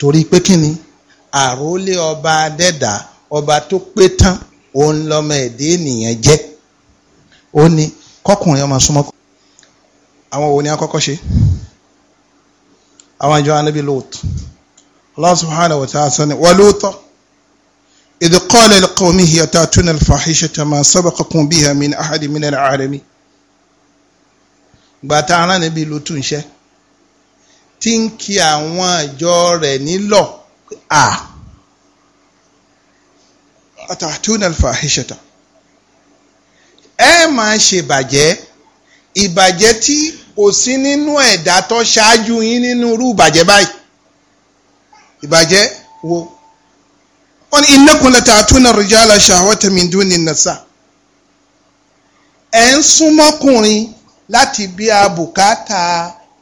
torí pé kí ni àrólé ọba adẹ́dà ọba tó pé tán òun lọmọ ẹ̀dẹ́ ènìyàn jẹ́ ó ní kọkùnrin ọmọ súnmọ́ àwọn wo ni a kọ́kọ́ ṣe àwọn ìjọ anábì lóòótọ́. Allah subhanahu wa ta'ala sani waluta idh qala liqawmihi atatuna alfahishata ma sabaqakum biha min ahadi min alalamin gbàtà ara níbi ìlú túnṣẹ́ tí ń kí àwọn àjọ rẹ̀ nílọ̀ à atatuna alfahishata ẹ máa ṣèbàjẹ́ ìbàjẹ́ tí kò sí nínú ẹ̀dá tó ṣáájú yín nínú irú ìbàjẹ́ báyìí ìbàjẹ́ wo wọ́n ní innakum lata'tuna rijala shahwata min duni nisa ẹ̀ ń súnmọ́kùnrin láti bí a bùkátà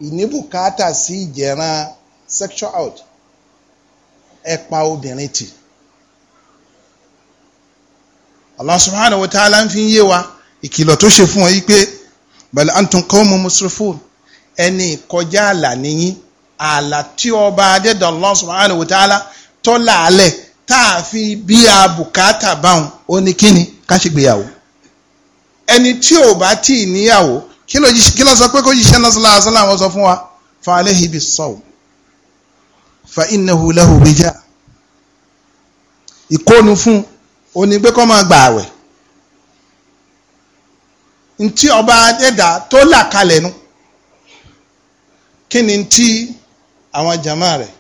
ìníbùkátà sí ìjẹran sexual out ẹ pa obìnrin tì Allah subhanahu wa ta'ala ń fi yé wa ìkìlọ̀ tó ṣe fún ọ yí pé bal antum qawmun musrifun ẹni kọjá àlà ààlà tí ọba adẹ́dà Allah subhanahu wa ta'ala táàfin bí a bùkátà báwọn ó ní kíni ká ṣe gbéyàwó ẹni tí ò bá tí ì níyàwó kí ló sọ pé kó yíṣẹ́ náà sọlá àṣọlá àwọn sọ fún wa fa alayhi bis fa innahu lahu bija ìkónu fún ó ní pé kó máa gbà àwẹ̀ ntí ọba adẹ́dà tó là kalẹ̀ nu kí ni ntí àwọn jama rẹ̀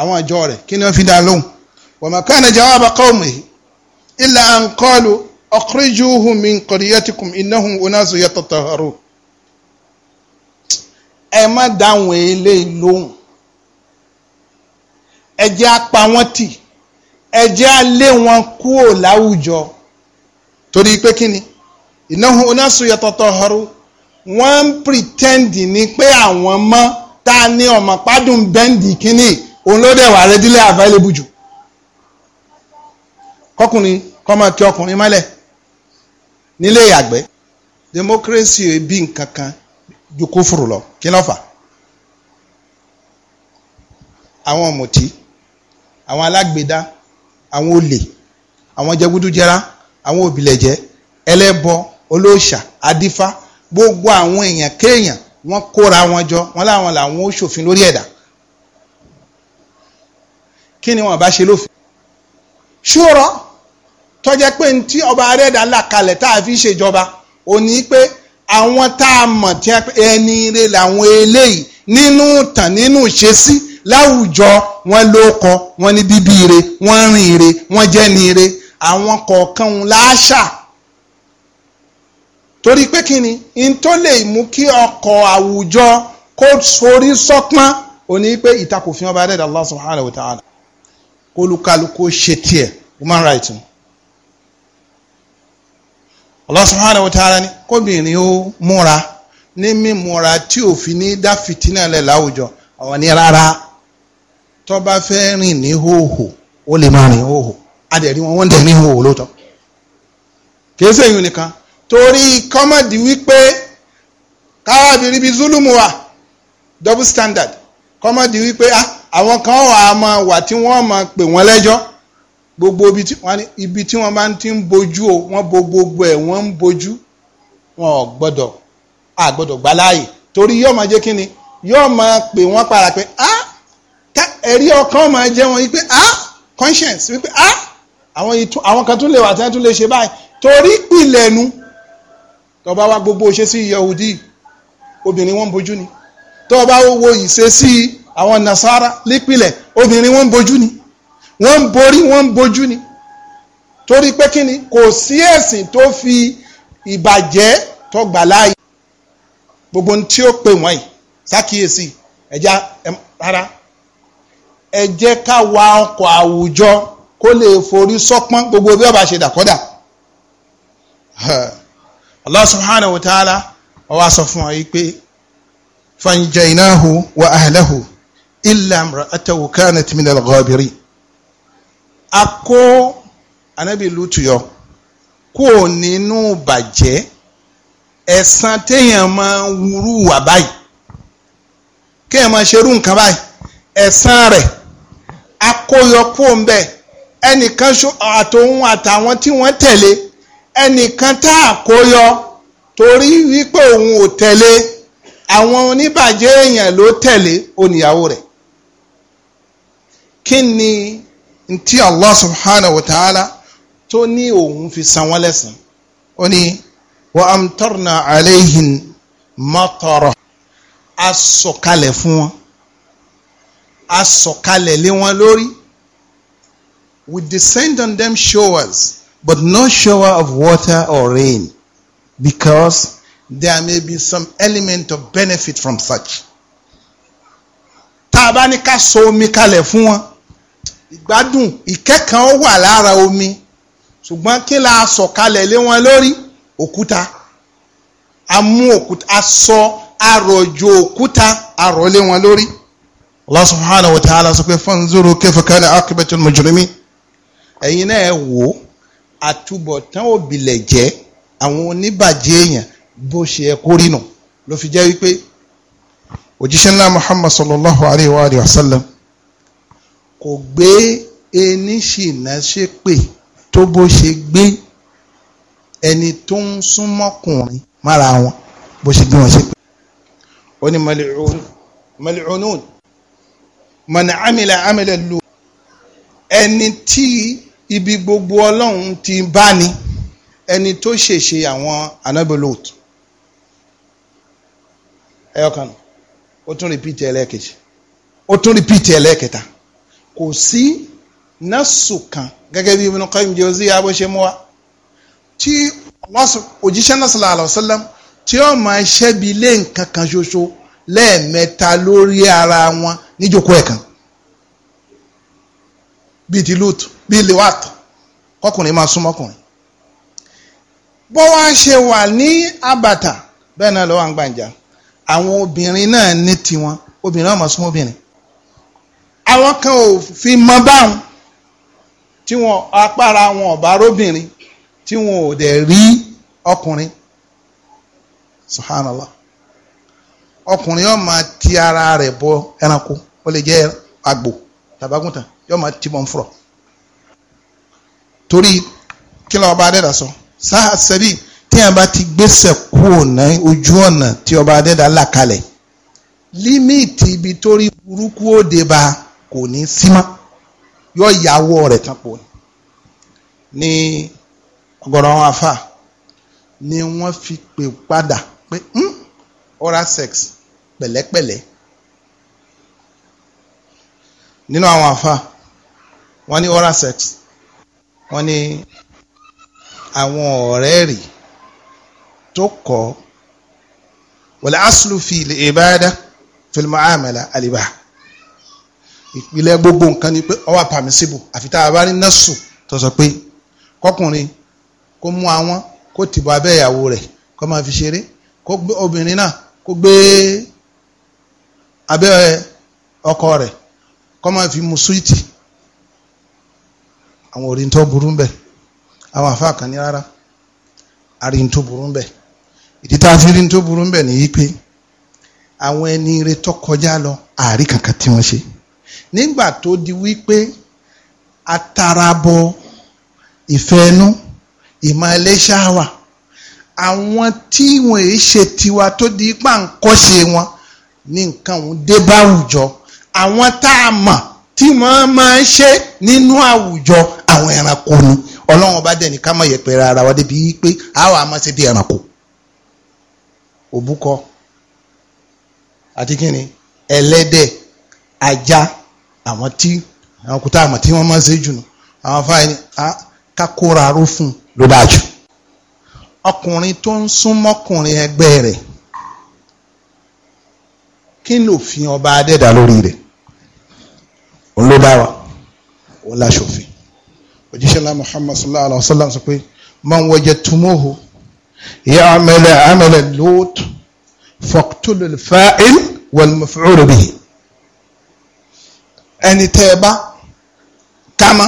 àwọn àjọ rẹ̀ kí ni wọ́n fi dá lóhùn wa ma kana jawaba qawmihi illa an qalu akhrijuhu min qaryatikum innahum unasun yatataharu ẹ má dáhùn eléyìí lóhùn ẹ jẹ́ á pa wọ́n tì ẹ jẹ́ á wọn kúrò láwùjọ torí pé kí ni innahum unasun yatataharu wọ́n ń pretend ni pé àwọn mọ́ tá a ní ọmọ pádùn bẹ́ǹdì kínní òun ló dẹ̀ wà readily available jù kọkùnrin kọ́ máa ti ọkùnrin mọ́lẹ̀ nílé ìyàgbẹ́ democracy bí nǹkan kan ju kófòrò lọ kí ló fà àwọn ọ̀mùtí àwọn alágbèdá àwọn olè àwọn jẹgúdújẹrá àwọn òbílẹ̀jẹ́ ẹlẹ́bọ olóòṣà adífá gbogbo àwọn èèyàn kéèyàn wọ́n kóra wọn jọ wọ́n láwọn làwọn ó ṣòfin lórí ẹ̀dá kí ni wọ́n bá ṣe lófin ṣúrọ tọjẹ pé ní tí ọba arẹdà là kalẹ̀ tá a fi ṣèjọba ò ní pé àwọn tá a mọ̀ tí ẹni rẹ làwọn eléyìí nínú tàn nínú ìṣesí láwùjọ wọ́n ló kọ wọ́n ní bíbí ire wọ́n rìn ire wọ́n jẹ́ ni ire àwọn kọ̀ọ̀kan láṣà torí pé kí ni n tó lè mú kí ọkọ̀ àwùjọ kó forí sọ́pọ́n òní pé ìtakòfin ọba adẹ́dàá Allah subhanahu wa ta'ala kólúkálukú ṣe tiẹ̀ human rights mu Allah subhanahu wa ta'ala ni kóbìnrin ó múra ní mímúra tí òfin ní dá fìtínà lẹ̀ láwùjọ àwọn ní rárá tó bá fẹ́ rìn ní hóhò ó lè máa rìn hóhò adẹ̀rí wọn wọ́n dẹ̀ ní hóhò lóòótọ́ kì í sẹ́yìn nìkan torí kọ́mọ̀dì wípé káwábi ríbi zulumu wa double standard kọ́mọ̀dì wípé ah, àwọn kan wà á máa wà tí wọ́n máa pè wọ́n lẹ́jọ́ gbogbo ibi tí wọ́n máa ti ń bojú o wọ́n bo gbogbo ẹ̀ wọ́n ń bojú wọn ò gbọ́dọ̀ a gbà láàyè torí yóò máa jẹ́ kí ni yóò máa pè wọ́n para pé ah ẹ̀rí ọkàn máa jẹ́ wọn wípé ah conscience wípé ah àwọn kan tún lè wà tí wọ́n tún lè ṣe báyìí torí pìlẹ̀ nu tó bá wá gbogbo ṣe sí Yahudi obìnrin wọn bojú ni tó bá wo ìṣesí àwọn Nasara lípìlẹ̀ obìnrin wọn bojú ni wọ́n ń borí wọ́n ń bojú ni torí pé kí ni kò sí ẹ̀sìn tó fi ìbàjẹ́ tó gbà láàyè gbogbo ohun tí ó pè wọ́n yìí sákìyèsí ẹ̀já rárá ẹ jẹ́ ká wa ọkọ̀ àwùjọ kó lè forí sọ́pọ́n gbogbo bí ọba ṣe dàkọ́dà. Allah subhanahu wa ta'ala ó wá sọ fún wa yìí pé fanjainahu wa ahlahu illa imra'atahu kanat min al-ghabirin a kó anabi lutu yọ kó nínú bàjẹ́ ẹ̀san téèyàn máa ń wúrú wà báyìí kéèyàn máa ṣerú nǹkan báyìí ẹ̀san rẹ̀ akóyọ kó ń bẹ̀ ẹnìkan ṣó àtòun àtàwọn tí wọ́n tẹ̀lé ẹnìkan tá a kó yọ torí wípé òun ò tẹ̀lé àwọn oníbàjẹ́ èèyàn ló tẹ̀lé oníyàwó rẹ̀ kí ni ntí Allah subhanahu wa ta'ala tó ní òun fi san wọ́n lẹ́san ó ní wa amtarna alayhin matara a sọ̀kalẹ̀ fún wọn a sọ̀kalẹ̀ lé wọn lórí we descend on them showers but no shower of water or rain because there may be some element of benefit from such. tá a bá ní ká so omi kalẹ̀ fún wọn ìgbádùn ìkẹ́kàn wà lára omi ṣùgbọ́n kí la sọ kalẹ̀ lé wọn lórí òkúta a mú òkúta a sọ àròjò òkúta àrò wọn lórí. Allah subhanahu wa ta'ala sọ pé fanzuru kayfa kana aqibatul mujrimin ẹ̀yin náà ẹ̀ wò ó àtúbọ̀tán òbílẹ̀ jẹ́ àwọn oníbàjẹ́ èèyàn bó ṣe ẹ kó rí nù ló fi jẹ́ wípé òjíṣẹ́ ńlá Muhammad sallallahu alayhi wa alayhi wa sallam kò gbé eníṣìnà ṣépè tó bó ṣe gbé ẹni tó ń súnmọ́kùnrin mára wọn bó ṣe gbé wọn ṣépè. ó ní mal'unun man amila ẹni tí ibi gbogbo ọlọ́run ti bá ni ẹni tó ṣèṣe àwọn anábẹ́lòt ẹyọkan ó tún rìpíìtì ẹlẹ́ẹ̀kejì ó tún rìpíìtì ẹlẹ́ẹ̀kẹta kò sí násù kan gẹ́gẹ́ bí Ibn Qayyim Jawziyya bó ṣe mú wa tí òjíṣẹ́ náà sallallahu alaihi wasallam tí ó máa ṣẹ́bi lé nǹkan kan ṣoṣo lẹ́ẹ̀mẹ́ta lórí ara wọn níjókòó ẹ̀kan bíi ti lóòtù bíi liwat kọkùnrin máa súnmọ́ ọkùnrin bó wá ṣe wà ní abàtà bẹ́ẹ̀ náà lọ́wọ́ à ń gbàǹjà àwọn obìnrin náà ní tiwọn obìnrin náà máa súnmọ́ obìnrin àwọn kan ò fi mọ báwọn tí wọn apára wọn ọ̀bá róbìnrin tí wọn ò dẹ̀ rí ọkùnrin subhanallah ọkùnrin yóò máa ti ara rẹ̀ bọ ẹranko ó lè jẹ́ àgbò tàbágùntàn yóò máa ti bọ̀ ń fúrọ̀. torí kí lọ́wọ́ bá adẹ́dà sọ sáà sẹ́rí tí a bá ti gbéṣẹ̀ kú ọ̀nà ojú ọ̀nà tí ọba adẹ́dà là kalẹ̀ límìtì ibi tó rí burúkú òde bá kò ní símá yọ ìyàwó rẹ̀ tán pò ní ọgọ́rọ̀ àwọn afá ni wọ́n fi pè padà pé hmm, oral sex pẹ̀lẹ́pẹ̀lẹ́ nínú àwọn afá wọ́n ní oral sex wọ́n ní àwọn ọ̀rẹ́ rì tó kọ́ wọlé aslu fi lè ìbáadá fil muamala àlìbá ìpìlẹ̀ gbogbo nǹkan ni pé ọwọ́ permissible àfi tá a bá rí nọ́ọ̀sù tó sọ pé kọkùnrin kó mú àwọn kó tìbọ̀ abẹ́ ìyàwó kó máa fi ṣeré kó gbé obìnrin náà kó gbé abẹ́ ọkọ rẹ̀ kó máa fi mu súwìtì àwọn orin tó burú bẹ̀ àwọn àfa kan ní rárá àrin tó burú bẹ̀ ìdí tá a fi rin tó burú bẹ̀ nìyí pé àwọn ẹni ire tó lọ àárí kankan tí wọ́n ṣe nígbà tó di wípé atarabọ ìfẹ́nu ìmọ̀lẹ́ṣáwà àwọn tí wọn èé ṣe tiwa tó di ipá ńkọ́ṣe wọn ní nǹkan òun dé bá àwùjọ àwọn tá a mọ̀ tí wọ́n máa ń ṣe nínú àwùjọ àwọn ẹranko ni ọlọ́run bá dẹ̀ ní ká mọ̀ yẹpẹrẹ ara wa débi pé wà àmọ́ ṣe bí ẹranko òbúkọ àti kíni ẹlẹ́dẹ̀ ajá àwọn tí àwọn kúta àmọ̀ tí wọ́n máa ń ṣe jù nù àwọn fáyẹn kákóra aró ló dáa jù ọkùnrin tó ń súnmọ́kùnrin ẹgbẹ́ rẹ̀ kí ọba adẹ́dà lórí rẹ̀ òun ló bá wa òjíṣẹ́ lá muhammad sallallahu alaihi wa sallam sọ pé man wajadtumuhu ya'malu 'amala Lut faqtulul fa'il wal maf'ul bihi ẹni tẹ́ ẹ bá kámá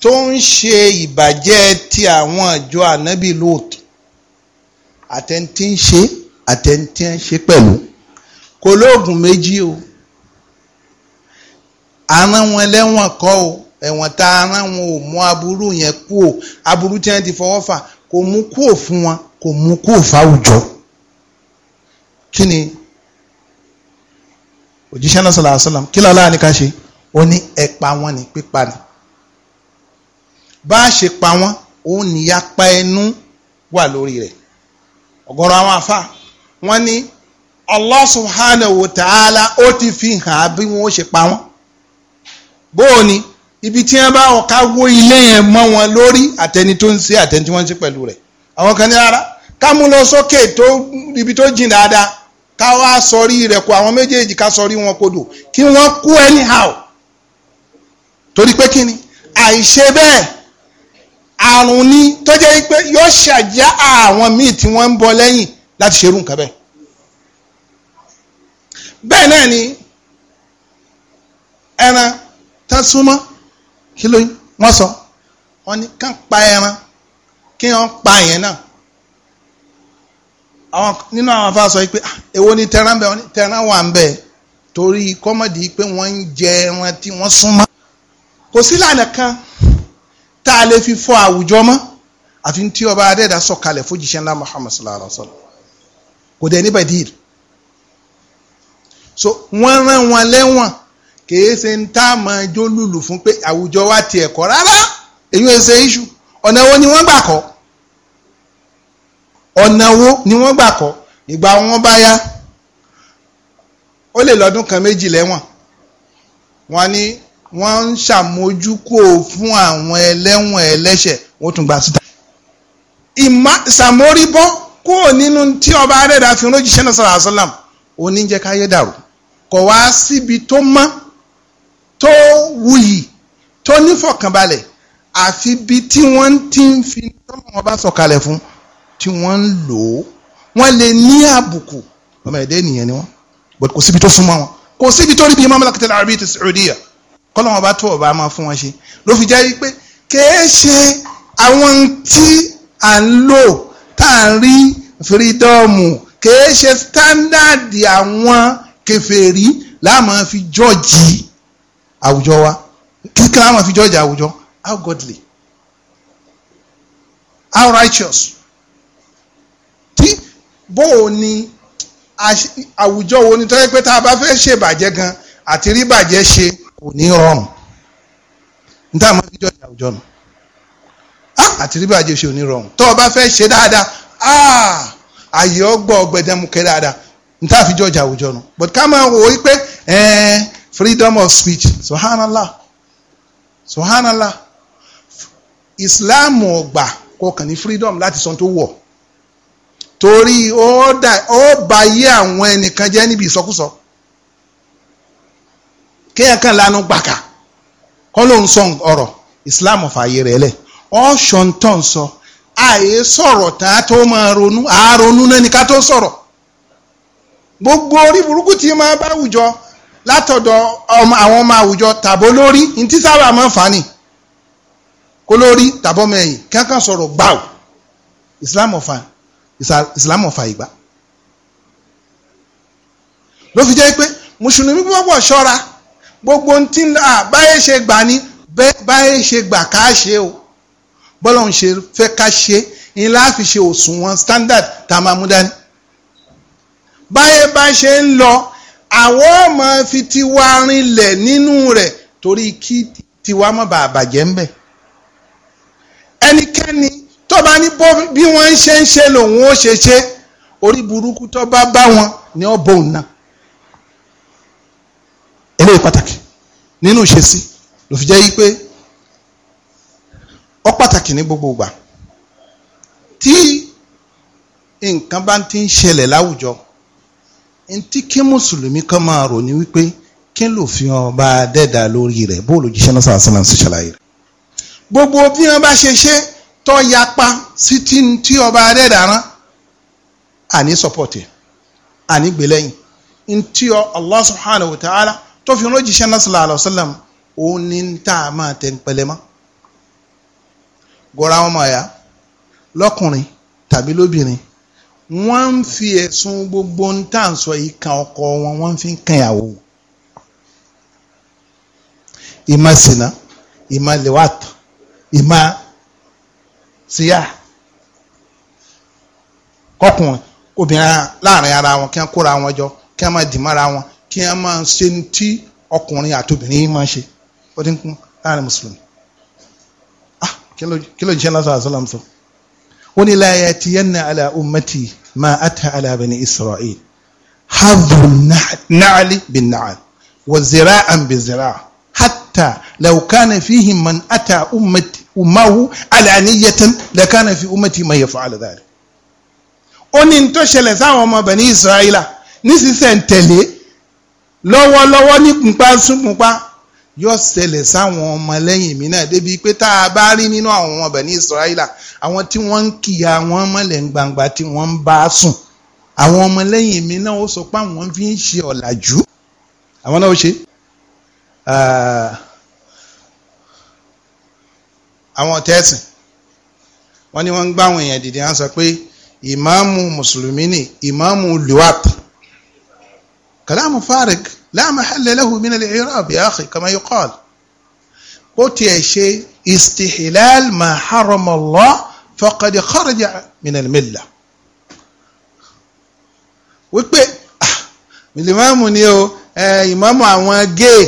tó ń ṣe ìbàjẹ́ ti àwọn àjọ ànábì Lut àtẹ̀ntì ń ṣe àtẹ̀ntì ń ṣe pẹ̀lú kò méjì o àrùn wọn lẹ́wọ̀n kọ́ o ẹ̀wọ̀n tá a rán wọn ò mú aburú yẹn kú ò aburú tí wọ́n ti fọwọ́ fà kò mú kú ò fún wọn kò mú kú ò fáwùjọ. kí ni òjíṣẹ́ náà sọ̀rọ̀ àṣọlám kí lọ́la ni ká ṣe ó ní ẹ pa wọ́n ní pípa ni bá a ṣe pa wọ́n ó níyapa ẹnu wà lórí rẹ̀ ọ̀gọ̀rọ̀ àwọn àfa wọ́n ní Allah subhanahu wa ta'ala ó ti fi hàn bí wọ́n ṣe pa wọ́n bóò ni ibi tí wọ́n bá ọ̀ka wó ilé yẹn mọ́ wọn lórí àtẹni tó ń ṣe àtẹni tí wọ́n ń ṣe pẹ̀lú rẹ̀ àwọn kan ní rárá ká mú lọ sókè tó ibi tó jìn dáadáa ká wá sọrí rẹ̀ kó àwọn méjèèjì ká sọrí wọn kodò kí wọ́n kú anyhow torí pé kí àìṣe bẹ́ẹ̀ àrùn ni tó jẹ́ pé yóò ṣàjá àwọn míì tí wọ́n ń bọ̀ lẹ́yìn láti ṣerú nǹkan bẹ́ẹ̀ bẹ́ẹ̀ náà ni ẹran tán súnmọ́ kí ló wọ́n sọ wọ́n ní kán pa ẹran kí wọ́n pa yẹn náà àwọn nínú àwọn afá sọ pé ah, èwo ni tẹran bẹ tẹran wà ń bẹ torí kọ́mọ̀dì pé wọ́n ń jẹ ẹran tí wọ́n súnmọ́ kò sí lànà kan tá a lè fi fọ àwùjọ mọ́ àfi tí ọba adẹ́dà sọ̀kalẹ̀ fójíṣẹ́ ńlá Muhammad sallallahu alaihi wa sallam kò dẹ̀ ní bẹ̀dìr so wọ́n rán wọn lẹ́wọ̀n kèé ṣe ń tá a máa jó lùlù fún pé àwùjọ wa ti ẹ̀kọ́ rárá èyí ò ṣe iṣu ọ̀nà wo ni wọ́n gbà kọ́ ọ̀nà wo ni wọ́n gbà kọ́ ìgbà wọn bá yá ó lè lọ́dún kan méjì lẹ́wọ̀n wọn ni wọ́n ń ṣàmójúkò fún àwọn ẹlẹ́wọ̀n ẹlẹ́ṣẹ̀ wọ́n tún gba síta. ìmá ṣàmórìbọ́ kúrò nínú tí ọba arẹ́dà fi ránṣẹ́ náà sọ̀rọ̀ àṣọ́làm oníjẹ́káyé dàrú kọ̀ wá síbi tó mọ́ tó wuyì tó nífọ̀kànbalẹ̀ àfi bí tí wọ́n ti ń fi tọ́lọ́ wọn bá sọ̀kalẹ̀ fún tí wọ́n ń lò ó wọ́n lè ní àbùkù ọmọ ẹ̀dẹ́ ènìyàn ni wọ́n but kò síbi tó súnmọ́ wọn kò síbi tó rí bí mamlakatul arabi ti saudiya kọ́lọ́ wọn bá tó ọba máa fún wọn ṣe ló fi jẹ́ pé kèé ṣe àwọn tí à ń lò tá à ń rí fírídọ́ọ̀mù kèé ṣe sítándàdì àwọn kèfèrí láàmú fi jọ́ọ̀jì àwùjọ wa kí fi àwùjọ how godly how righteous tí bóò ni àwùjọ wo ni tọ́jú pé tá a bá fẹ́ gan àti rí bàjẹ́ ṣe kò ní rọrùn ní fi judge àwùjọ nù àti rí bàjẹ́ ṣe ò ní rọrùn tọ́ bá fẹ́ ṣe dáadáa ọgbọ́ dáadáa ní but ká máa wò freedom of speech subhanallah subhanallah islam ọgbà kọkàn ní freedom láti sọ tó wọ̀ torí ó dà ó bá yé àwọn ẹnìkan jẹ́ níbi ìsọkúsọ kéèyàn kan lanu gbàkà kọ́ ló ń sọ ọ̀rọ̀ islam fààyè rẹ̀ lẹ̀ ọ̀ṣọ́ ń tàn sọ àyè sọ̀rọ̀ tá a tó máa ronú àá ronú náà ni ká tó sọ̀rọ̀ gbogbo orí burúkú tí máa bá àwùjọ látọ̀dọ̀ àwọn ọmọ àwùjọ tàbó lórí ní tí sábà máa ń fà ní kó lórí tàbọ́mọ ẹ̀yìn kankan sọ̀rọ̀ gbàù Islam ọ̀fà Islam ọ̀fà ìgbà ló fi jẹ́ pé mùsùlùmí gbọ́dọ̀ ṣọ́ra gbogbo tí báyé ṣe gbà ní báyé ṣe gbà ká ṣe o bọ́lọ̀ ń ṣe fẹ́ ká ṣe ni láàfi ṣe òṣùwọ̀n standard tá a máa mú dání báyé bá ṣe ń lọ àwọn ọmọ fi tiwa rinlẹ̀ nínú rẹ̀ torí kí tiwa má bàa bàjẹ́ ń bẹ̀ ẹnikẹ́ni tó bá ní bí wọ́n ń ṣe ń ṣe lòun ó ṣe ṣe orí burúkú tó bá bá wọn ni ó bòun náà eléyìí pàtàkì nínú ìṣesí ló fi jẹ́ yí pé ó pàtàkì ní gbogbo ìgbà tí nǹkan bá ti ń ṣẹlẹ̀ láwùjọ ntí kí mùsùlùmí kan máa rò ní wípé kí ló fi hàn bá dẹ́dà lórí rẹ̀ bó ló jíṣẹ́ náà sàásìlà ń ṣàlàyé rẹ̀. gbogbo bí wọn bá ṣe ṣe tó yapa sí tí ọba dẹ́dà rán àní sọpọ́tì àní gbẹlẹ́yìn ntí Allah subhanahu wa ta'ala tó fi hàn lójíṣẹ́ náà sàlà àlọ́sàlám òun ní tá a máa tẹ̀ ń pẹlẹ́ mọ́. gọ́ra wọn máa yá lọ́kùnrin tàbí lóbìnrin wọ́n ń fi ẹ̀sùn gbogbo ń tà ń sọ yìí kan ọkọ wọn wọ́n fi ń kan ìyàwó ìmọ̀ sínà ìmọ̀ lèwàtà ìmọ̀ síyà kọkùnrin obìnrin láàrin ara wọn kí wọ́n kóra wọn jọ kí wọ́n máa dì mọ́ra wọn kí wọ́n máa ṣe ní tí ọkùnrin àti obìnrin yìí máa ṣe ó kún láàrin mùsùlùmí ah kí ló jẹ́ lásán àṣọ làmùsùlùmí ó ní la yatiyanna ala ummati ma ata ala bani isra'il hadhu na'li bin na'l wa zira'an bi zira' hatta law kana fihim man ata ummati ummahu alaniyatan la kana fi ummati man yaf'al dhalik ó ní tó ṣẹlẹ̀ sáwọn ọmọ bani isra'ila ní tẹ̀lé lọ́wọ́lọ́wọ́ ní pípa yóò ṣẹlẹ̀ sáwọn ọmọlẹ́yìn mi náà débi pé tá a bá rí nínú àwọn ọmọ bẹ̀ní Israẹla àwọn tí wọ́n ń kìyà wọn mọ́lẹ̀ ń gbangba tí wọ́n ń bá sùn àwọn ọmọlẹ́yìn mi náà ó sọ pé àwọn fi ń ṣe ọ̀làjú àwọn náà ó ṣe ah, àwọn tẹ́sìn wọ́n ní wọ́n ń gbá àwọn èèyàn dìde wọ́n sọ pé ìmáàmù mùsùlùmí ni ìmáàmù luwap kàlámù fárik لا محل له من al يا أخي كما يقال yuqal bó tiẹ̀ ṣe istihlal ma harama Allah faqad kharaja min al-milla wípé ah, ìmáàmù ni o ìmáàmù àwọn géè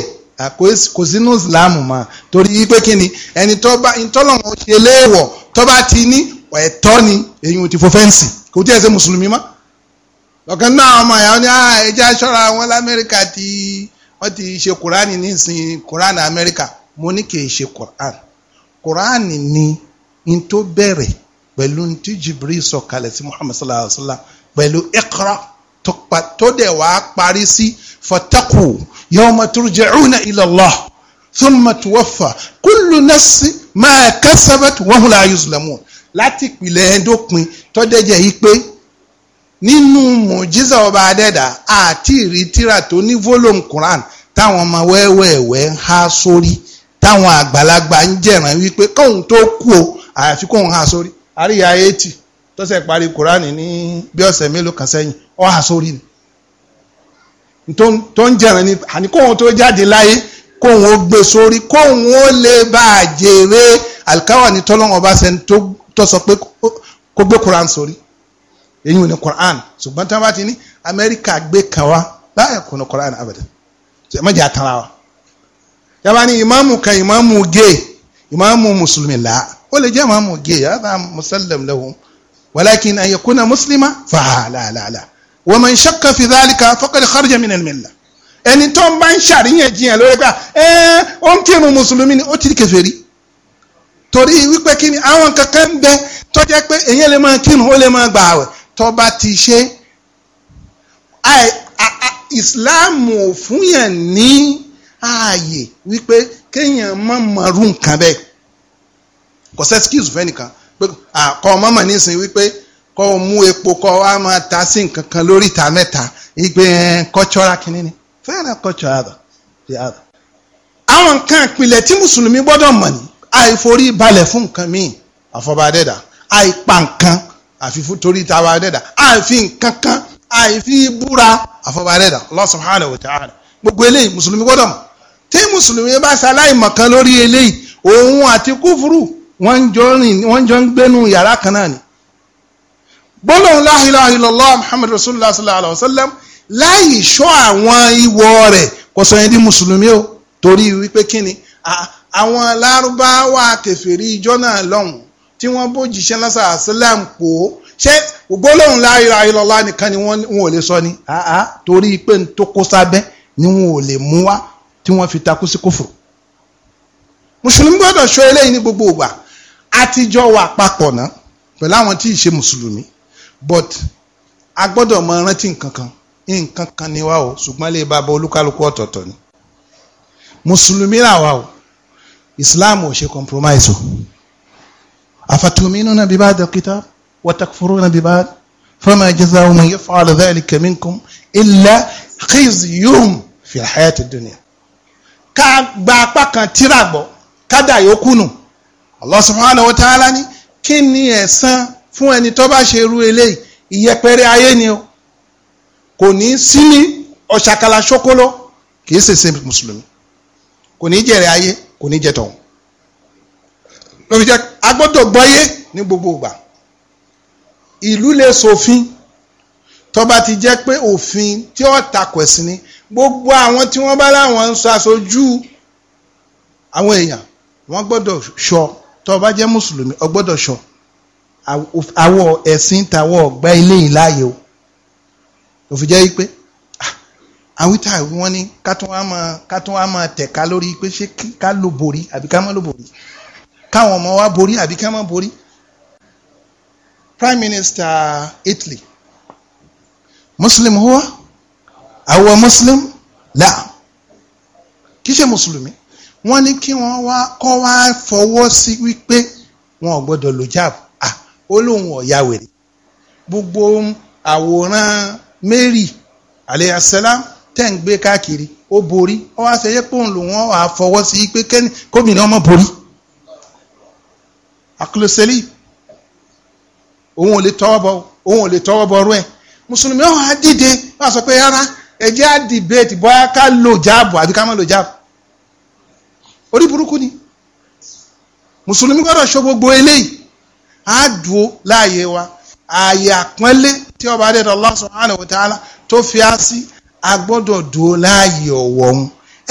kò sínú ìsìláàmù mà torí pé kí ni ẹni tó bá ìtọ́lọ́wọ́n ṣe léèwọ̀ tó bá ti ní ẹ̀tọ́ ni èyí ti fọ fẹ́ǹsì kò tí ẹ ṣe mùsùlùmí mọ́ ọ̀kan náà ọmọ ìyá ni ah, ẹjẹ́ aṣọ́ra wọn lamẹ́ríkà tí wọ́n ti ṣe kùránì nísìnyí kùránì amẹ́ríkà mo ní kì í ṣe kùránì kùránì ni n tó bẹ̀rẹ̀ pẹ̀lú tí Jibril sọ̀kalẹ̀ sí Muhammad sallallahu alayhi wa sallam pẹ̀lú Iqra tó dẹ̀ wá parí sí fattaqu yawma turja'una ila Allah thumma tuwaffa kullu nafsin ma kasabat wa hum la yuzlamun láti nínú mùjísà ọba adẹ́dà àti ìrìtìrà tó ní volume Quran táwọn ọmọ wẹ́wẹ́wẹ́ ń há sórí táwọn àgbàlagbà ń jẹ̀ràn wípé kóun tó kú o àyàfi kóun há sórí àríyá eighty tó ṣe parí Quran ní bí ọ̀sẹ̀ mélòó kan sẹ́yìn ọ̀ há sórí ni tó ń jẹ̀ràn ni àní kóun tó jáde láyé kóun ó gbé sórí kóun ó lè bá a jèrè alikawa ni tọ́lọ́wọ́n ọba ṣe tó sọ pé kó gbé Quran sórí èyí ò ní Quran ṣùgbọ́n tí wọ́n bá ti ní Amẹ́ríkà gbé kan wá láyé kò ní Quran abẹ́dẹ́ ṣe má jẹ́ àtàrà wa. yàrá ni ìmáàmù kan ìmáàmù gay ìmáàmù mùsùlùmí là ó lè jẹ́ ìmáàmù gay yàrá mùsàlẹ̀m lẹ́hùn wàlákin ayẹkùnà mùsùlùmá fàhálàlà wọ́n mọ̀ nṣàkà fi dálíkà fọ́kàlì kọ́rìjà mi nàìjíríà ẹni tó ń bá ń ṣàríyànjiyàn lórí pé ẹ ó ń kírun mùsùlùmí ni ó ti di torí wípé kí ni àwọn kankan bẹ tó pé èyí lè máa kírun ó lè máa gbà àwẹ̀ tó bá ti ṣe ìsìláàmù ò fún yàn ní ààyè wípé kéèyàn má mọ̀rú nǹkan bẹ́ẹ̀ kò sẹ́ skills fẹ́nìkan pé àkọ́ mọ́mọ́ nísìn wípé kọ́ ọ mú epo kọ́ ọ á máa ta sí nǹkan kan lórí ìta mẹ́ta ìgbé cultural kìíní ni fẹ́ràn cultural other the other. àwọn nǹkan ìpìlẹ̀ tí mùsùlùmí gbọ́dọ̀ mọ̀ ní àìforí balẹ̀ fún nǹkan míì àfọ̀bàdẹ́dà àìpa nǹkan àfi fún torí tàwa dẹ́dà àfi nkankan àfi búra àfọwọ́ dẹ́dà Allah subhanahu wa ta'ala gbogbo eléyìí mùsùlùmí gbọ́dọ̀ mọ̀ tí mùsùlùmí bá ṣaláì mọ̀kan lórí eléyìí òun àti kúfúrú wọ́n jọ ń gbénu yàrá kan náà ni gbólóhùn la ilaha illallah muhammad rasulullah sallallahu alaihi wasallam láì ṣọ́ àwọn ìwọ rẹ̀ kò sọ mùsùlùmí o torí wípé kíni àwọn lárúbáwá kẹfìrí ìjọ náà lọ́hùn tí wọ́n bójìṣẹ́ lọ́sà àṣìlám pò ó ṣé gbólóhùn la ilaha nìkan ni wọ́n ò lè sọ ni àá torí pé n tó kó sábẹ́ ni wọ́n ò lè mú wá tí wọ́n fi takú sí kófò. mùsùlùmí gbọ́dọ̀ ṣọ́ eléyìí ní gbogbo ìgbà àtijọ́ wà papọ̀ ná pẹ̀lú àwọn tí ì ṣe mùsùlùmí but a gbọ́dọ̀ mọ rántí nǹkan kan nǹkan kan ni wá o ṣùgbọ́n lè bá bọ olúkálukú ọ̀tọ̀ọ̀tọ̀ ni mùsùlùmí làwa o islam ò ṣe compromise o. أفتؤمنون ببعض الكتاب وتكفرون ببعض فما جزاء من يفعل ذلك منكم إلا خزي في الحياة الدنيا ká gba apá kan tíra gbọ́ ká dà yòókù nù Allah subhanahu wa ta'ala ní kí ni ẹ̀san fún ẹni tó bá ṣe irú eléyìí ìyẹpẹrẹ ayé ni o kò ní sí ní ọ̀ṣàkàlà ṣókóló kì í mùsùlùmí kò ní jèrè ayé kò ní jẹ ló fi jẹ́ agbọ́dọ̀ gbọ́yé ní gbogbo ìgbà ìlú lè ṣòfin tó bá ti jẹ́ pé òfin tí ó takò ẹ̀sìn ni gbogbo àwọn tí wọ́n bá láwọn ń sọ aṣojú àwọn èèyàn wọ́n gbọ́dọ̀ ṣọ tó bá jẹ́ mùsùlùmí ọ gbọ́dọ̀ ṣọ àwọ̀ ẹ̀sìn tàwọ̀ ọ̀gbá ilé yìí láàyè o ló fi jẹ́ pé àwítà wọn ni ká tún wá máa tẹ̀ka lórí pé ṣé ká lò borí àbí ká má lò borí káwọn ọmọ wa borí àbí ká má borí prime minister Italy muslim huwa àwọ muslim la kì í ṣe mùsùlùmí wọ́n ní kí wọ́n wá kọ́ wá fọwọ́ sí wípé wọn ò gbọ́dọ̀ lò jab à ó lóun wèrè gbogbo àwòrán Mary aleyhisselam tẹ̀ ń gbé káàkiri ó borí ó wá ṣe yẹ pé òun lòun ọ̀ àfọwọ́ sí pé kẹ́ni gómìnà ọmọ borí àkùlù sẹ́lì òun ò lè tọwọ́ bọ òun ò lè tọwọ́ bọ rú ẹ̀ mùsùlùmí ọ̀hún á dìde wọ́n á sọ pé rárá ẹ jẹ́ á dìbẹ́ẹ̀tì bóyá ká lo jáàbù àbí ká má lo jáàbù orí burúkú ni mùsùlùmí gbọ́dọ̀ ṣọ́ gbogbo eléyìí á láàyè wa ààyè àpọ́nlé tí ọba adédọ̀ Allah subhanahu wa ta'ala tó fi á sí a gbọ́dọ̀ dùn ó láàyè ọ̀wọ̀ òun